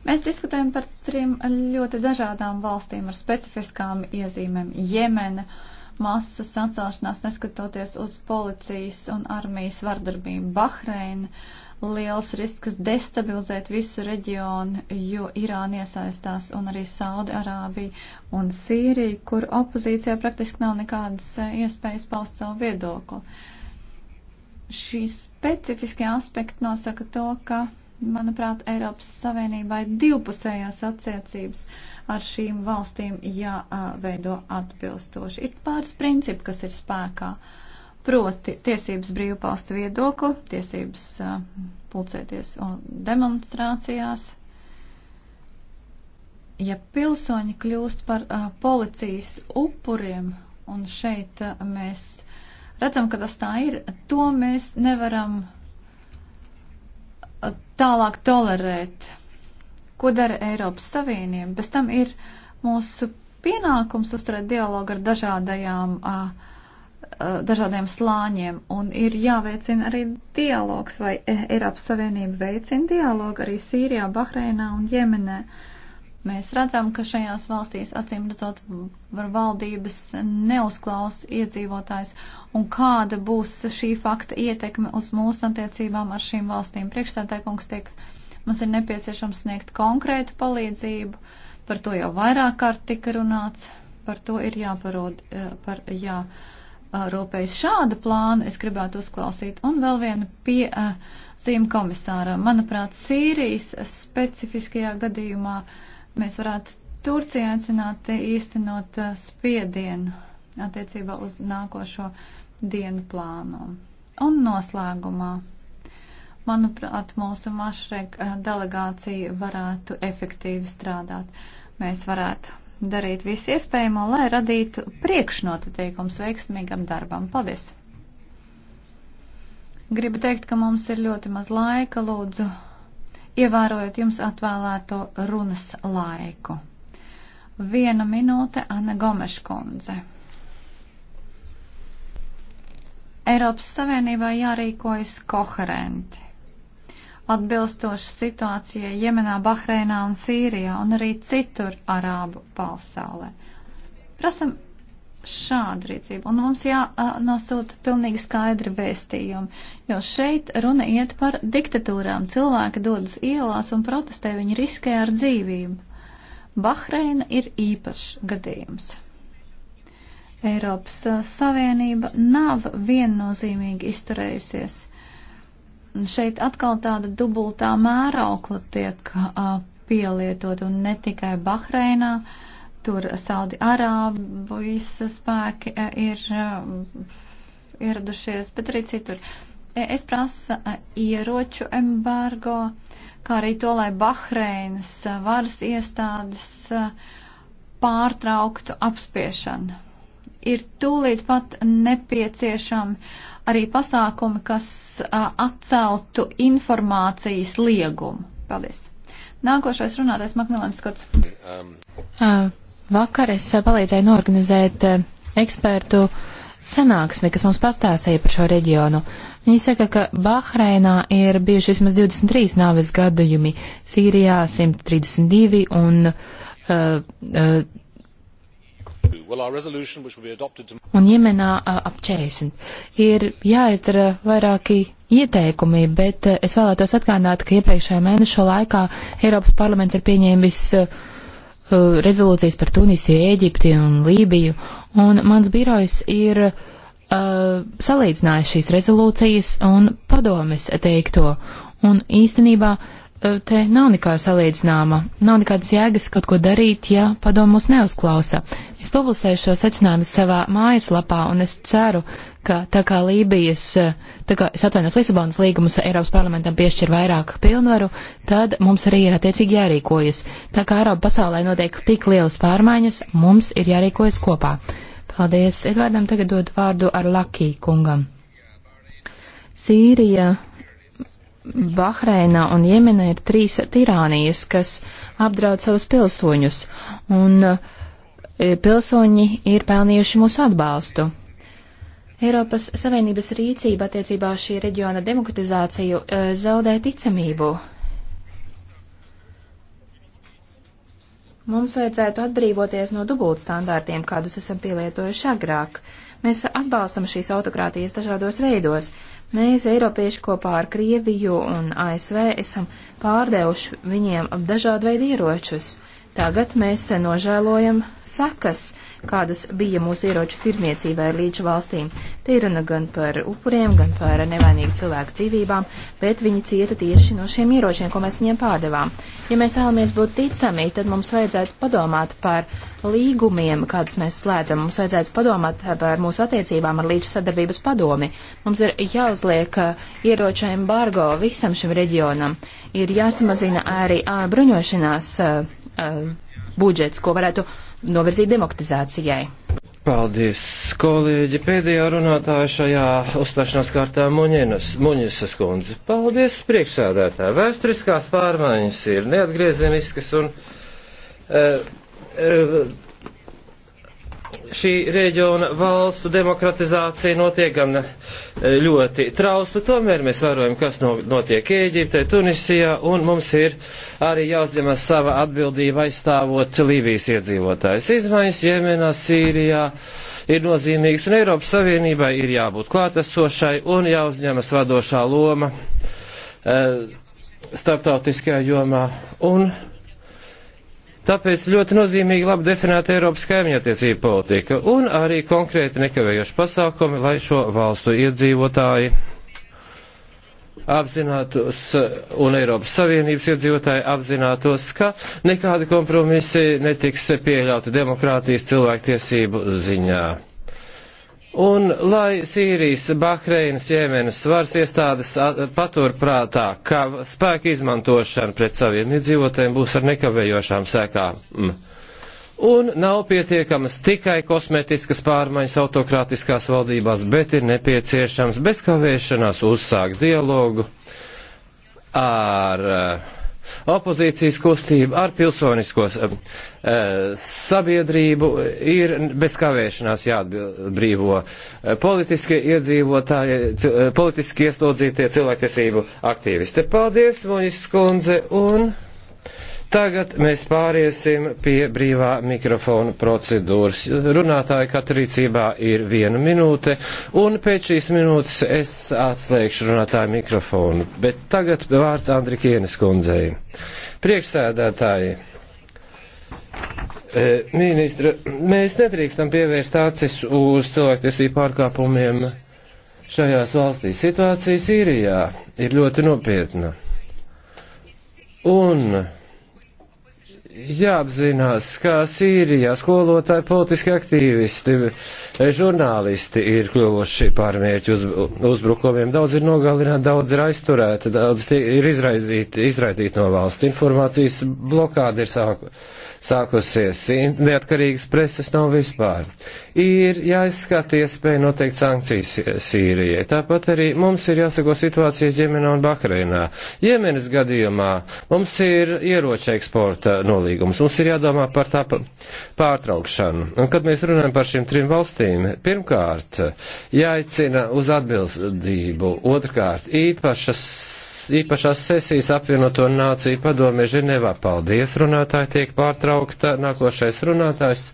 Mēs diskutējam par trim ļoti dažādām valstīm ar specifiskām iezīmēm. Jemena masu sacelšanās neskatoties uz policijas un armijas vardarbību. Bahreina liels risks destabilizēt visu reģionu, jo Irāna iesaistās un arī Saudi Arābija un Sīrija, kur opozīcijā praktiski nav nekādas iespējas paust savu viedokli šī specifiskie aspekti nosaka to, ka, manuprāt, Eiropas Savienībai divpusējās attiecības ar šīm valstīm jāveido atbilstoši. Ir pāris principi, kas ir spēkā. Proti tiesības brīvpalsta viedokli, tiesības uh, pulcēties un demonstrācijās, ja pilsoņi kļūst par uh, policijas upuriem, un šeit uh, mēs redzam, ka tas tā ir, to mēs nevaram uh, tālāk tolerēt. Ko dara Eiropas Savienība? Bez tam ir mūsu pienākums uzturēt dialogu ar dažādajām, a, uh, a, uh, dažādiem slāņiem, un ir jāveicina arī dialogs, vai Eiropas Savienība veicina dialogu arī Sīrijā, Bahreinā un Jemenē. Uh, Mēs redzam, ka šajās valstīs acīm redzot valdības neuzklaus iedzīvotājs un kāda būs šī fakta ietekme uz mūsu attiecībām ar šīm valstīm. Priekšstādākums tiek, mums ir nepieciešams sniegt konkrētu palīdzību, par to jau vairāk kārt tika runāts, par to ir jāparod, eh, par jā. Eh, rūpējas šāda plāna, es gribētu uzklausīt. Un vēl viena piezīme eh, komisārā. Manuprāt, Sīrijas specifiskajā gadījumā uh, mēs varētu Turcija aicināt īstenot uh, spiedienu attiecībā uz nākošo dienu plānu. Un noslēgumā, manuprāt, mūsu mašrek uh, delegācija varētu efektīvi strādāt. Mēs varētu darīt visu iespējamo, lai radītu priekšnoteikums veiksmīgam darbam. Paldies! Gribu teikt, ka mums ir ļoti maz laika, lūdzu ievērojot jums atvēlēto runas laiku. Viena minūte Anna Gomeškundze. Eiropas Savienībā jārīkojas koherenti, atbilstoši situācijai Jemenā, Bahreinā un Sīrijā un arī citur Arābu pasaulē. Prasam šāda rīcība. Un mums jānosūta pilnīgi skaidri vēstījumi, jo šeit runa iet par diktatūrām. Cilvēki dodas ielās un protestē, viņi riskē ar dzīvību. Bahreina ir īpašs gadījums. Eiropas Savienība nav viennozīmīgi izturējusies. Šeit atkal tāda dubultā mēraukla tiek uh, pielietot un ne tikai Bahreinā. Uh, Tur Saudi Arābijas spēki eh, ir eh, ieradušies, bet arī citur. Eh, es prasu ieroču embargo, kā arī to, lai Bahreinas varas iestādes pārtrauktu apspiešanu ir tūlīt pat nepieciešami arī pasākumi, kas a, atceltu informācijas liegumu. Paldies. Nākošais runātais Makmilans Skots. Um. Uh, Vakar es eh, palīdzēju norganizēt eh, ekspertu sanāksmi, kas mums pastāstīja par šo reģionu. Viņi saka, ka Bahreinā ir bijuši vismaz 23 nāves gadījumi, Sīrijā 132 un. Uh, uh, Un Jemenā uh, ap 40. Ir jāizdara vairāki ieteikumi, bet uh, es vēlētos atgādināt, ka iepriekšējā mēneša laikā Eiropas parlaments ir pieņēmis uh, Eh, rezolūcijas par Tunisiju, Ēģipti un Lībiju, un mans birojs ir uh, salīdzinājis šīs rezolūcijas un padomes teikto, un īstenībā uh, te nav nekā salīdzināma, nav nekādas jēgas kaut ko darīt, ja padomus neuzklausa. Es publicēšu šo secinājumu savā mājaslapā, un es ceru, ka tā kā Lībijas, tā kā es atvainos Lisabonas līgumus Eiropas parlamentam piešķir vairāk pilnvaru, tad mums arī ir attiecīgi jārīkojas. Tā kā Eiropa pasaulē notiek tik lielas pārmaiņas, mums ir jārīkojas kopā. Paldies, Edvardam, tagad dod vārdu ar Lakī kungam. Sīrija, Bahreina un Jemena ir trīs tirānijas, kas apdraud savus pilsoņus, un e, pilsoņi ir pelnījuši mūsu atbalstu. Eiropas Savienības rīcība attiecībā uz šī reģiona demokratizāciju eh, zaudē ticamību. Mums vajadzētu atbrīvoties no dubultstandārtiem, kādus esam pielietojuši agrāk. Mēs atbalstam šīs autokrātijas dažādos veidos. Mēs, Eiropieši, kopā ar Krieviju un ASV esam pārdevuši viņiem dažādu veidu ieročus. Uh, Tagad mēs nožēlojam sekas, kādas bija mūsu ieroču tirzniecībai līdz valstīm. Te ir runa gan par upuriem, gan par nevainīgu cilvēku dzīvībām, bet viņi cieta tieši no šiem ieročiem, ko mēs viņiem pārdevām. Ja mēs vēlamies būt ticami, tad mums vajadzētu padomāt par līgumiem, kādus mēs slēdzam. Mums vajadzētu padomāt par mūsu attiecībām ar līdz sadarbības padomi. Mums ir jāuzliek uh, ieroča embargo visam šim reģionam. Ir jāsamazina arī uh, bruņošanās uh, uh, budžets, ko varētu novirzīt demokratizācijai. Paldies, kolēģi. Pēdējā runātāja šajā uzstāšanās kārtā Muņinas, Muņisas kundze. Paldies, priekšsēdētāji. Vēsturiskās pārmaiņas ir neatgriezeniskas un. Uh, šī reģiona valstu demokratizācija notiek gan eh, ļoti trausli, tomēr mēs vērojam, kas no, notiek Ēģiptē, Tunisijā, un mums ir arī jāuzņemas sava atbildība aizstāvot Lībijas iedzīvotājs. Izmaiņas Jemenā, Sīrijā ir nozīmīgas, un Eiropas Savienībai ir jābūt klātesošai un jāuzņemas vadošā loma e, starptautiskajā jomā. Un, Tāpēc ļoti nozīmīgi labi definēta Eiropas kaimiņattiecība politika un arī konkrēti nekavējoši pasākumi, lai šo valstu iedzīvotāji apzinātos un Eiropas Savienības iedzīvotāji apzinātos, ka nekādi kompromisi netiks pieļauti demokrātijas cilvēktiesību ziņā. Un lai Sīrijas, Bahreinas, Jemenas svars iestādes paturprātā, ka spēka izmantošana pret saviem iedzīvotājiem būs ar nekavējošām sekām. Mm. Un nav pietiekamas tikai kosmetiskas pārmaiņas autokrātiskās valdībās, bet ir nepieciešams bez kavēšanās uzsākt dialogu ar uh, opozīcijas kustību, ar pilsoniskos uh, eh, sabiedrību ir bez kavēšanās jāatbrīvo politiski iedzīvotāji, eh, politiski ieslodzītie cilvēktiesību aktīvisti. Paldies, Moņas skundze, un. Tagad mēs pāriesim pie brīvā mikrofona procedūras. Runātāja katrīcībā ir viena minūte, un pēc šīs minūtes es atslēgšu runātāju mikrofonu. Bet tagad vārds Andrikienes kundzei. Priekšsēdētāji, e, ministra, mēs nedrīkstam pievērst acis uz cilvēktiesību pārkāpumiem šajās valstīs. Situācija Sīrijā ir ļoti nopietna. Un jāapzinās, ka Sīrijā skolotāji, politiski aktīvisti, žurnālisti ir kļuvuši par mērķu uz, uzbrukumiem. Daudz ir nogalināti, daudz ir aizturēti, daudz ir izraizīti, izraidīti no valsts. Informācijas blokāda ir sāku, sākusies, neatkarīgas preses nav vispār. Ir jāizskata iespēja noteikt sankcijas Sīrijai. Tāpat arī mums ir jāsako situācija Ģemenā un Bahreinā. Jemenas gadījumā mums ir ieroča eksporta nolīgums līgumus. Mums ir jādomā par tā pārtraukšanu. Un, kad mēs runājam par šīm trim valstīm, pirmkārt, jāicina uz atbildību, otrkārt, īpašas īpašās sesijas apvienoto nāciju padomē Ženevā. Paldies, runātāji tiek pārtraukta. Nākošais runātājs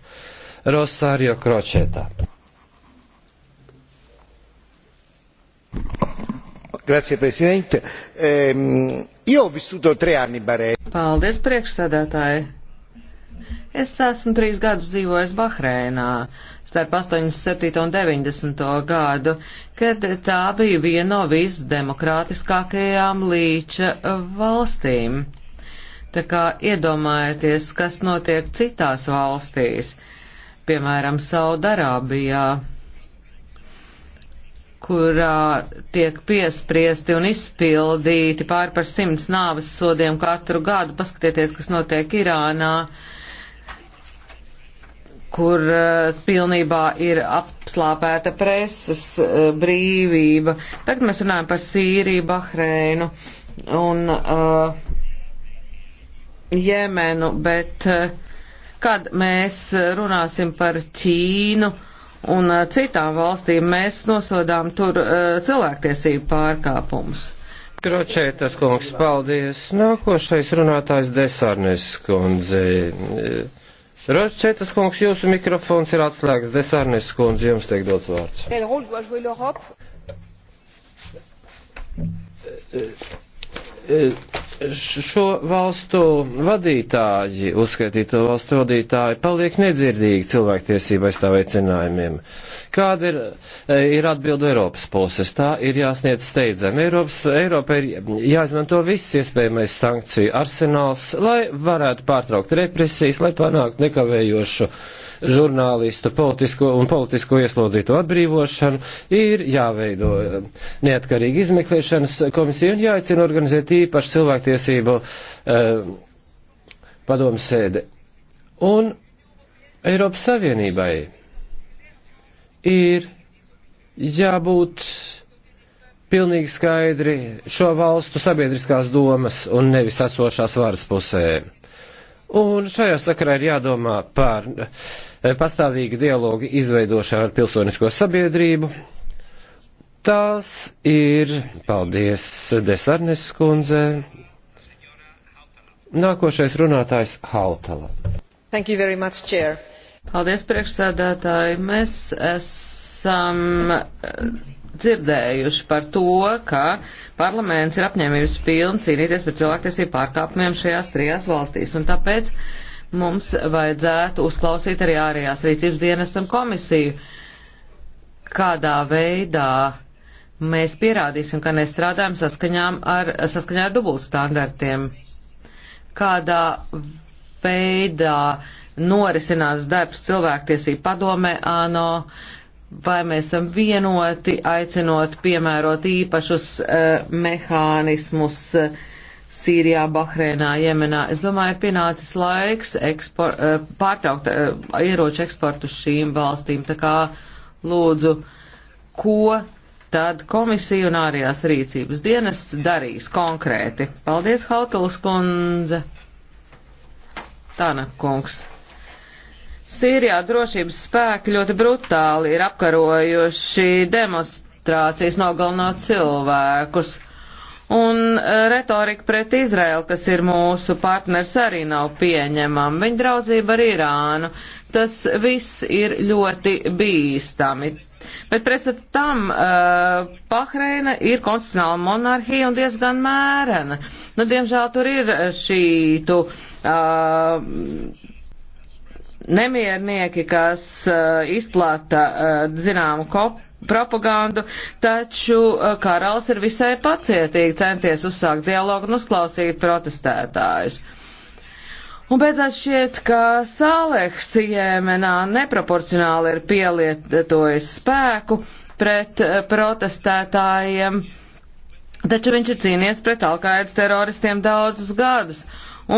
Rosārio Kročētā. Grazie Presidente. Ehm, io ho vissuto tre anni in Bahrein. Paldies, priekšsēdētāji! Es esmu trīs gadus dzīvojis Bahreinā, starp 87. un 90. gadu, kad tā bija viena no visdemokrātiskākajām līča valstīm. Tā kā iedomājieties, kas notiek citās valstīs, piemēram, Saudarābijā kurā tiek piespriesti un izpildīti pāri par simts nāves sodiem katru gadu. Paskatieties, kas notiek Irānā, kur uh, pilnībā ir apslāpēta preses uh, brīvība. Tagad mēs runājam par Sīriju, Bahreinu un uh, Jemenu, bet uh, kad mēs runāsim par Ķīnu, uh, un eh, citām valstīm mēs nosodām tur eh, cilvēktiesību pārkāpumus. Kročētas kungs, paldies. Nākošais runātājs Desarnes kundze. Eh, Ročētas kungs, jūsu mikrofons ir atslēgts. Desarnes kundze, jums tiek dots vārds. Eh, šo valstu vadītāji, uzskaitīto valstu vadītāji, paliek nedzirdīgi cilvēktiesību aizstāvēcinājumiem. Kāda ir, eh, ir atbilda Eiropas puses? Tā ir jāsniedz steidzami. Eiropas, Eiropa ir jāizmanto viss iespējamais sankciju arsenāls, lai varētu pārtraukt represijas, lai panāktu nekavējošu žurnālistu politisko un politisko ieslodzīto atbrīvošanu. Ir jāveido eh, neatkarīgi izmeklēšanas komisija un jāicina organizēt it īpaši cilvēktiesību uh, padomu sēde. Un Eiropas Savienībai ir jābūt pilnīgi skaidri šo valstu sabiedriskās domas un nevis esošās varas pusē. Un šajā sakarā ir jādomā par eh, pastāvīgu dialogu izveidošanu ar pilsonisko sabiedrību, Tās ir, paldies, Desarnes kundze. Nākošais runātājs Hautala. Thank you very much, Chair. Paldies, priekšsēdētāji. Mēs esam eh, dzirdējuši par to, ka parlaments ir apņēmības pilns cīnīties par cilvēktiesību pārkāpumiem šajās trijās valstīs. Un tāpēc mums vajadzētu uzklausīt arī ārējās rīcības dienestu un komisiju, kādā veidā mēs pierādīsim, ka nestrādājam ar, saskaņā ar dubultstandartiem. Kādā veidā norisinās darbs cilvēktiesību padomē ANO, vai mēs esam vienoti, aicinot piemērot īpašus uh, mehānismus uh, Sīrijā, Bahreinā, Jemenā. Es domāju, ir pienācis laiks ekspor, uh, pārtraukt uh, ieroču eksportu šīm valstīm. Tā kā lūdzu, ko tad komisija un ārējās rīcības dienests darīs konkrēti. Paldies, Hautals kundze. Tāna kungs. Sīrijā drošības spēki ļoti brutāli ir apkarojuši demonstrācijas nogalinot cilvēkus. Un e, retorika pret Izraelu, kas ir mūsu partners, arī nav pieņemama. Viņa draudzība ar Irānu. Tas viss ir ļoti bīstami. Bet presat tam uh, eh, Bahreina ir konstitucionāla monarhija un diezgan mērena. Nu, diemžēl tur ir šītu uh, eh, nemiernieki, kas uh, izplata uh, zināmu kopu propagandu, taču karalis ir visai pacietīgi centies uzsākt dialogu un uzklausīt protestētājus. Un beidzot šķiet, ka Sāleks Jēmenā neproporcionāli ir pielietojis spēku pret eh, protestētājiem, taču viņš ir cīnies pret Alkaidas teroristiem daudzus gadus.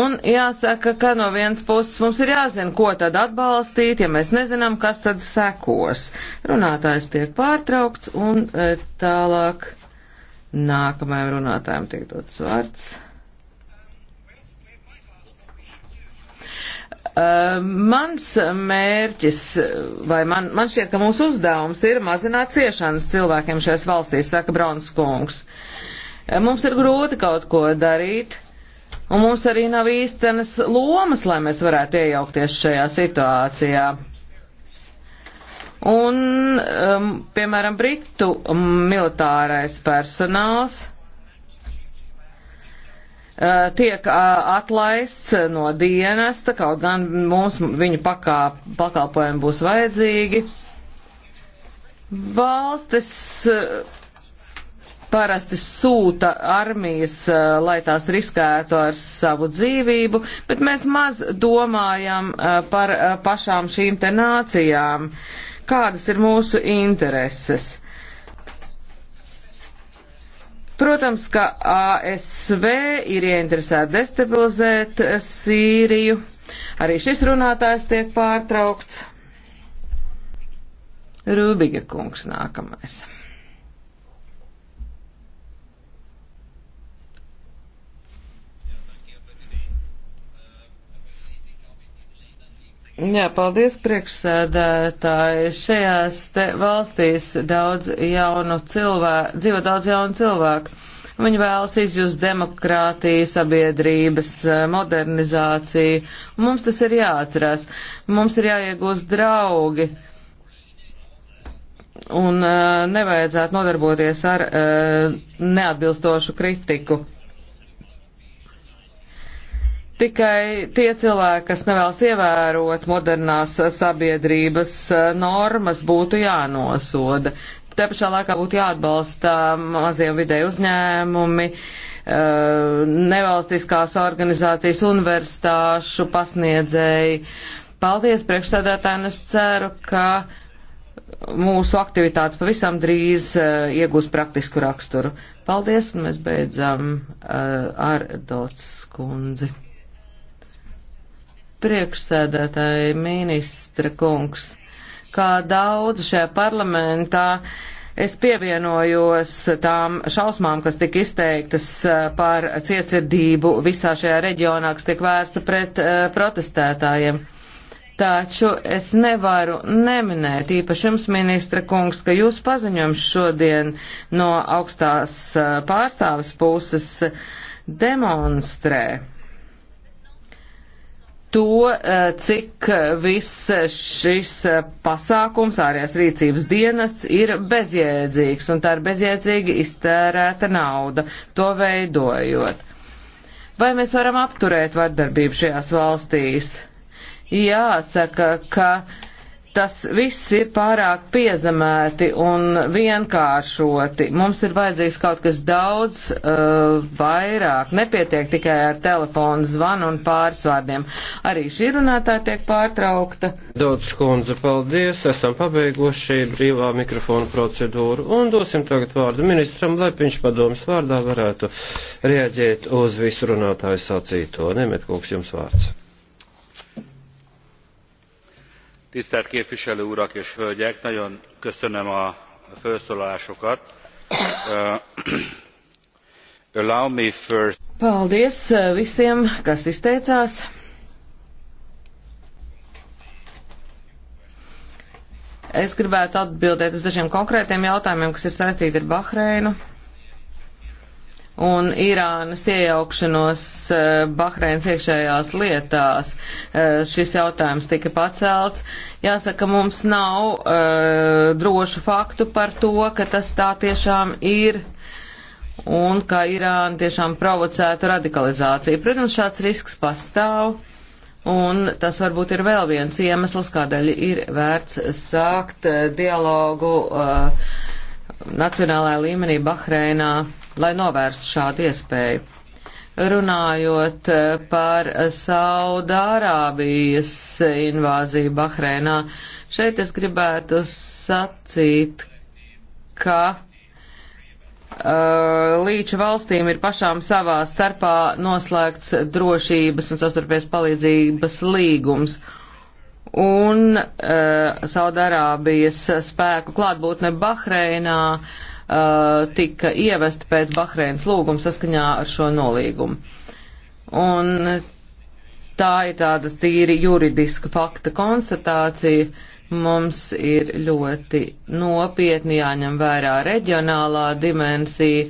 Un jāsaka, ka no vienas puses mums ir jāzina, ko tad atbalstīt, ja mēs nezinām, kas tad sekos. Runātājs tiek pārtraukts un eh, tālāk nākamajam runātājam tiek dots vārds. Ehm, mans mērķis, eh, vai man, man šķiet, ka mūsu uzdevums ir mazināt ciešanas cilvēkiem šajās valstīs, saka Brauns kungs. Ehm, mums ir grūti kaut ko darīt, un mums arī nav īstenas lomas, lai mēs varētu iejaukties šajā situācijā. Un, um, piemēram, Britu militārais personāls Eh, tiek eh, atlaists no dienesta, kaut gan mums viņu pakā, pakalpojumi būs vajadzīgi. Valstis eh, parasti sūta armijas, lai tās riskētu ar savu dzīvību, bet mēs maz domājam par pašām šīm te nācijām. Kādas ir mūsu intereses? Protams, ka ASV ir ieinteresēta destabilizēt Sīriju. Arī šis runātājs tiek pārtraukts. Rūbiga kungs nākamais. Jā, paldies priekšsēdētāji. Šajās te valstīs daudz jaunu cilvēku, dzīvo daudz jaunu cilvēku. Viņi vēlas izjust demokrātiju, sabiedrības eh, modernizāciju. Mums tas ir jāatcerās. Mums ir jāiegūst draugi. Un uh, nevajadzētu nodarboties ar uh, neatbilstošu kritiku. Tikai tie cilvēki, kas nevēlas ievērot modernās sabiedrības eh, normas, būtu jānosoda. Te pašā laikā būtu jāatbalsta mazie vidēji uzņēmumi, eh, nevalstiskās organizācijas, universitāšu pasniedzēji. Paldies priekšstādātājiem, es ceru, ka mūsu aktivitātes pavisam drīz eh, iegūs praktisku raksturu. Paldies, un mēs beidzam ar Dots kundzi priekšsēdētāji ministra kungs. Kā daudz šajā parlamentā es pievienojos tām šausmām, kas tika izteiktas eh, par cietsirdību visā šajā reģionā, kas tiek vērsta pret uh, protestētājiem. Taču es nevaru neminēt, īpaši jums, ministra kungs, ka jūs paziņojums šodien no augstās eh, pārstāvis puses demonstrē to, eh, cik viss šis eh, pasākums, ārējās rīcības dienests, ir bezjēdzīgs, un tā ir bezjēdzīgi iztērēta nauda, to veidojot. Vai mēs varam apturēt vardarbību šajās valstīs? Jāsaka, ka tas viss ir pārāk piezemēti un vienkāršoti. Mums ir vajadzīgs kaut kas daudz uh, vairāk. Nepietiek tikai ar telefonu zvanu un pārsvārdiem. Arī šī runātāja tiek pārtraukta. Daudz kundze, paldies. Esam pabeiguši brīvā mikrofona procedūru un dosim tagad vārdu ministram, lai viņš padomas vārdā varētu reaģēt uz visu runātāju sacīto. Nemet kungs jums vārds. tisztelt képviselő urak és hölgyek nagyon köszönöm a felszólalásokat. Uh, Paldies uh, visiem, kas izteicās. Es gribētu atbildēt uz dažiem konkrētiem jautājumiem, kas ir saistīti ar Bahreinu un Irānas iejaukšanos eh, Bahreins iekšējās lietās. Eh, šis jautājums tika pacelts. Jāsaka, mums nav uh, drošu faktu par to, ka tas tā tiešām ir un ka Irāna tiešām provocētu radikalizāciju. Protams, šāds risks pastāv. Un tas varbūt ir vēl viens iemesls, kādēļ ir vērts sākt dialogu uh, nacionālajā līmenī Bahreinā, lai novērstu šādu iespēju. Runājot eh, par Saudārābijas invāziju Bahreinā, šeit es gribētu sacīt, ka uh, līča valstīm ir pašām savā starpā noslēgts drošības un sastarpēs palīdzības līgums. Uh, un uh, eh, Saudārābijas spēku klātbūtne Bahreinā uh, tika ievesta pēc Bahreinas lūguma saskaņā ar šo nolīgumu. Un tā ir tāda tīri juridiska fakta konstatācija. Mums ir ļoti nopietni jāņem vērā reģionālā dimensija,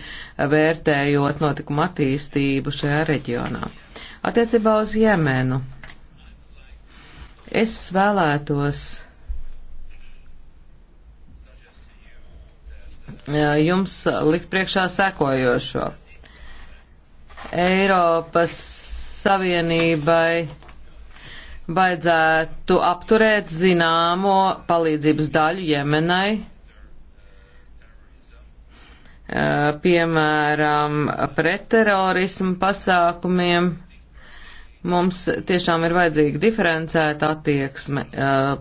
vērtējot notikumu attīstību šajā reģionā. Attiecībā uz Jemenu Es vēlētos jums likt priekšā sekojošo. Eiropas Savienībai baidzētu apturēt zināmo palīdzības daļu Jemenai, piemēram, pret terorismu pasākumiem Mums tiešām ir vajadzīga diferencēta attieksme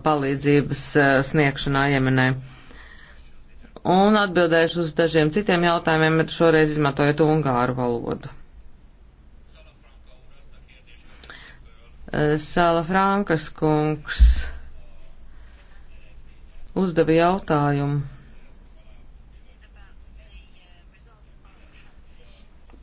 palīdzības sniegšanā Jemenē. Un atbildēšu uz dažiem citiem jautājumiem, bet šoreiz izmantojot ungāru valodu. Sāla Frankas kungs uzdeva jautājumu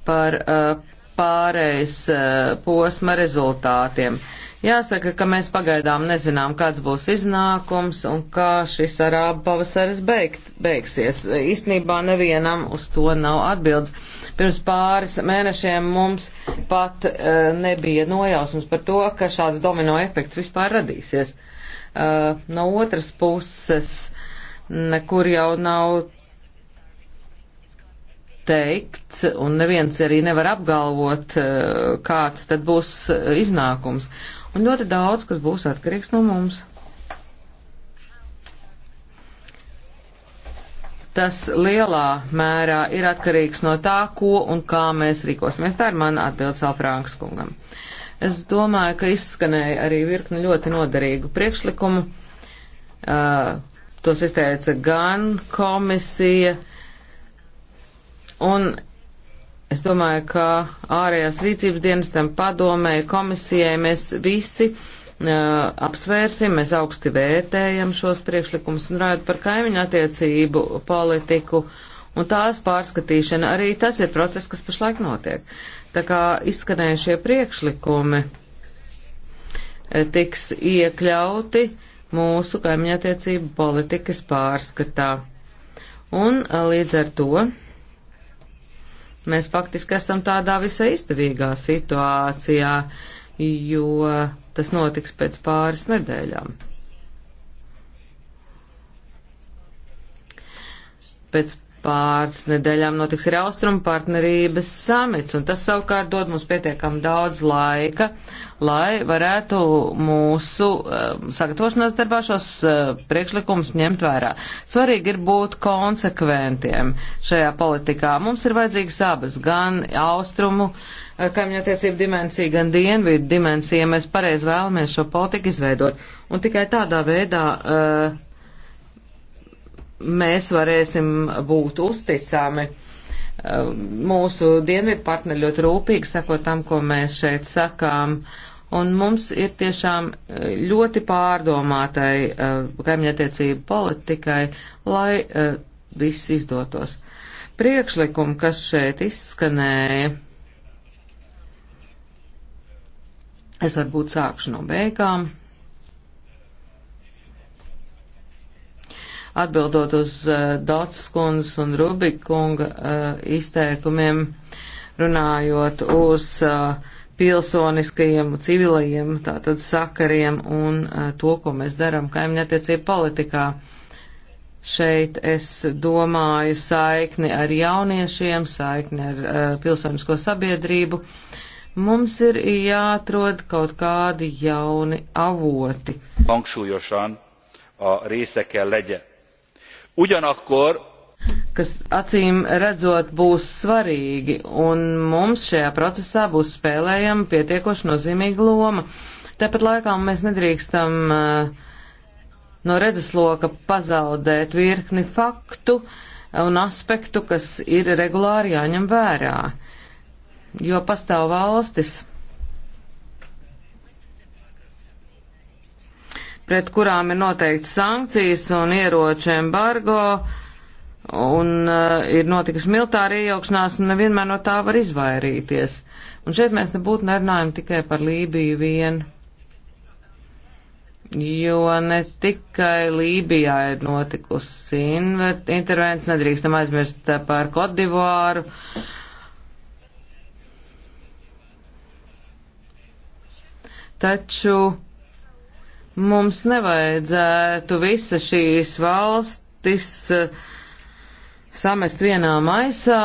par uh, pārējais eh, posma rezultātiem. Jāsaka, ka mēs pagaidām nezinām, kāds būs iznākums un kā šis arābu pavasaris beigt, beigsies. Īstenībā nevienam uz to nav atbildes. Pirms pāris mēnešiem mums pat uh, nebija nojausmas par to, ka šāds domino efekts vispār radīsies. Uh, no otras puses, nekur jau nav teikt, izdarīts, un neviens arī nevar apgalvot, eh, kāds tad būs eh, iznākums. Un ļoti daudz, kas būs atkarīgs no mums. Tas lielā mērā ir atkarīgs no tā, ko un kā mēs rīkosimies. Tā ir mana atbilde Salfrāngas kungam. Es domāju, ka izskanēja arī virkni ļoti noderīgu priekšlikumu. Uh, tos izteica gan komisija, un Es domāju, ka ārējās rīcības dienestam padomēji komisijai mēs visi uh, apsvērsim, mēs augsti vērtējam šos priekšlikumus un rādu par kaimiņu attiecību politiku un tās pārskatīšanu. Arī tas ir process, kas pašlaik notiek. Tā kā izskanējušie priekšlikumi eh, tiks iekļauti mūsu kaimiņu attiecību politikas pārskatā. Un eh, līdz ar to Mēs faktiski esam tādā visai izdevīgā situācijā, jo tas notiks pēc pāris nedēļām. Pēc Pāris nedēļām notiks arī austrumu partnerības samits, un tas savukārt dod mums pietiekam daudz laika, lai varētu mūsu uh, sagatavošanās darbā šos uh, priekšlikumus ņemt vērā. Svarīgi ir būt konsekventiem šajā politikā. Mums ir vajadzīgas abas, gan austrumu uh, kaimiņattiecību dimensija, gan dienvidu dimensija, ja mēs pareizi vēlamies šo politiku izveidot. Un tikai tādā veidā. Uh, mēs varēsim būt uzticami. Ehm, mūsu dienvidu partneri ļoti rūpīgi sako tam, ko mēs šeit sakām, un mums ir tiešām eh, ļoti pārdomātai ehm, kaimiņattiecību politikai, lai ehm, viss izdotos. Priekšlikumi, kas šeit izskanēja, es varbūt sākšu no beigām. Atbildot uz eh, Dots kundas un Rubikunga eh, izteikumiem, runājot uz eh, pilsoniskajiem, civilajiem, tātad sakariem un to, ko mēs darām kaimiņattiecību politikā. Šeit es domāju saikni ar jauniešiem, saikni ar uh, pilsonisko sabiedrību. Mums ir jāatrod kaut kādi jauni avoti. Hangsúlyosan a része kell legyen Ugyanakkor kas acīm redzot būs svarīgi, un mums šajā procesā būs spēlējama pietiekoši nozīmīga loma. Tāpat laikā mēs nedrīkstam eh, no redzesloka pazaudēt virkni faktu un aspektu, kas ir regulāri jāņem vērā, jo pastāv valstis, pret kurām ir noteikts sankcijas un ieroču embargo, un uh, ir notikusi militāra iejaukšanās, un nevienmēr no tā var izvairīties. Un šeit mēs nebūtu nerunājam tikai par Lībiju vien, jo ne tikai Lībijā ir notikusi intervents, nedrīkstam aizmirst par Kodivāru. Uh, taču Mums nevajadzētu visas šīs valstis eh, samest vienā maisā,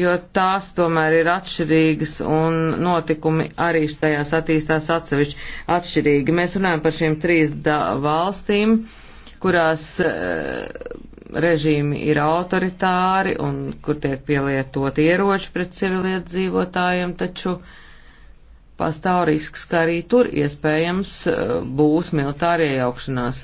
jo tās tomēr ir atšķirīgas un notikumi arī tajās attīstās atsevišķi atšķirīgi. Mēs runājam par šīm trīs valstīm, kurās e, režīmi ir autoritāri un kur tiek pielietot ieroči pret civiliedzīvotājiem, taču uh, pastāv risks, ka arī tur iespējams eh, būs militāra iejaukšanās.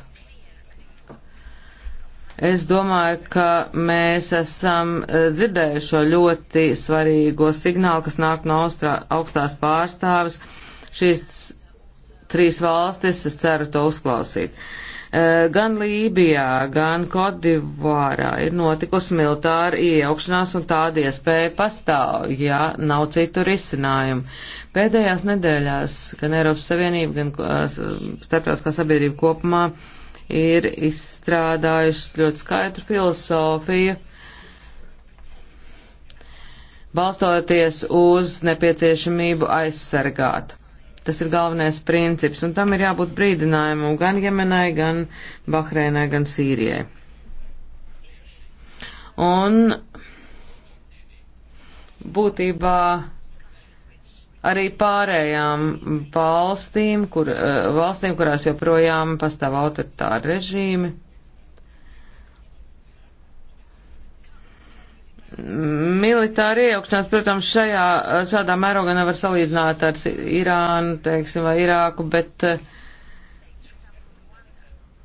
Es domāju, ka mēs esam eh, dzirdējuši šo ļoti svarīgo signālu, kas nāk no austrā, augstās pārstāvis. Šīs trīs valstis, es ceru to uzklausīt. Eh, gan Lībijā, gan Kodivārā ir notikusi militāra iejaukšanās un tāda iespēja pastāv, ja nav citu risinājumu Pēdējās nedēļās gan Eiropas Savienība, gan starptautiskā sabiedrība kopumā ir izstrādājusi ļoti skaidru filozofiju, balstoties uz nepieciešamību aizsargāt. Tas ir galvenais princips, un tam ir jābūt brīdinājumam gan Jemenai, gan Bahreinai, gan Sīrijai. Un būtībā arī pārējām valstīm, kur, eh, valstīm kurās joprojām pastāv autoritāri režīmi. Militāra iejaukšanās, protams, šajā, šādā mērogā nevar salīdzināt ar Irānu, teiksim, vai Irāku, bet,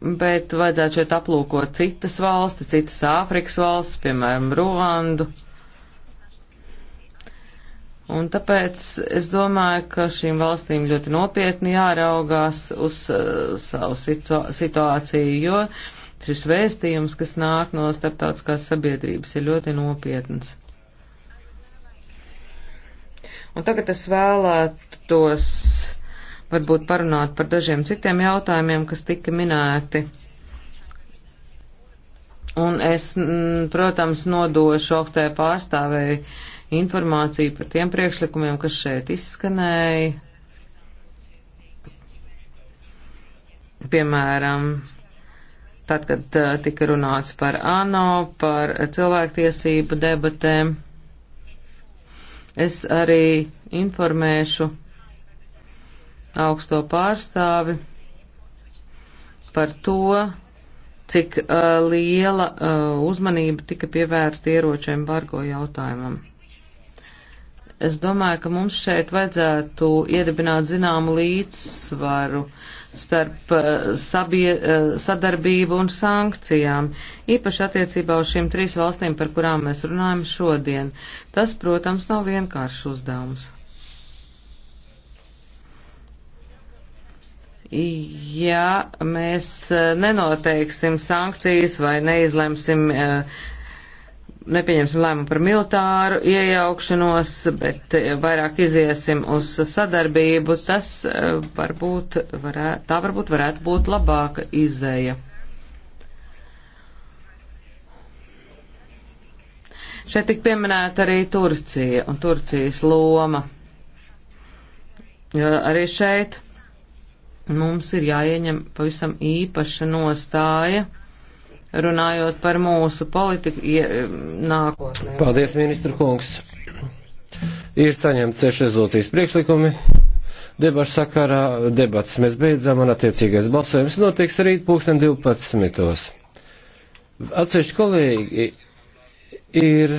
bet vajadzētu šeit aplūkot citas valstis, citas Āfrikas valstis, piemēram, Ruandu. Uh, Un tāpēc es domāju, ka šīm valstīm ļoti nopietni jāraugās uz uh, savu situāciju, jo šis vēstījums, kas nāk no starptautiskās sabiedrības, ir ļoti nopietns. Un tagad es vēlētos varbūt parunāt par dažiem citiem jautājumiem, kas tika minēti. Un es, m, mm, protams, nodošu augstajai pārstāvēji informāciju par tiem priekšlikumiem, kas šeit izskanēja. Piemēram, tad, kad tika runāts par ANO, par cilvēktiesību debatēm, es arī informēšu augsto pārstāvi par to, cik uh, liela uh, uzmanība tika pievērsta ieroču embargo jautājumam. Es domāju, ka mums šeit vajadzētu iedibināt zināmu līdzsvaru starp eh, sabie, eh, sadarbību un sankcijām, īpaši attiecībā uz šīm trīs valstīm, par kurām mēs runājam šodien. Tas, protams, nav vienkāršs uzdevums. ja mēs eh, nenoteiksim sankcijas vai neizlemsim nepieņemsim lēmumu par militāru iejaukšanos, bet eh, vairāk iziesim uz sadarbību, tas eh, varbūt varētu, tā varbūt varētu būt labāka izēja. Šeit tik pieminēta arī Turcija un Turcijas loma. Jo arī šeit mums ir jāieņem pavisam īpaša nostāja. Uh, runājot par mūsu politiku nākotnē. Paldies, ministru kungs. Ir saņemts seši rezolūcijas priekšlikumi. Debašu sakarā debats mēs beidzam un attiecīgais balsojums notiks rīt pulksten 12. Atsevišķi kolēģi ir.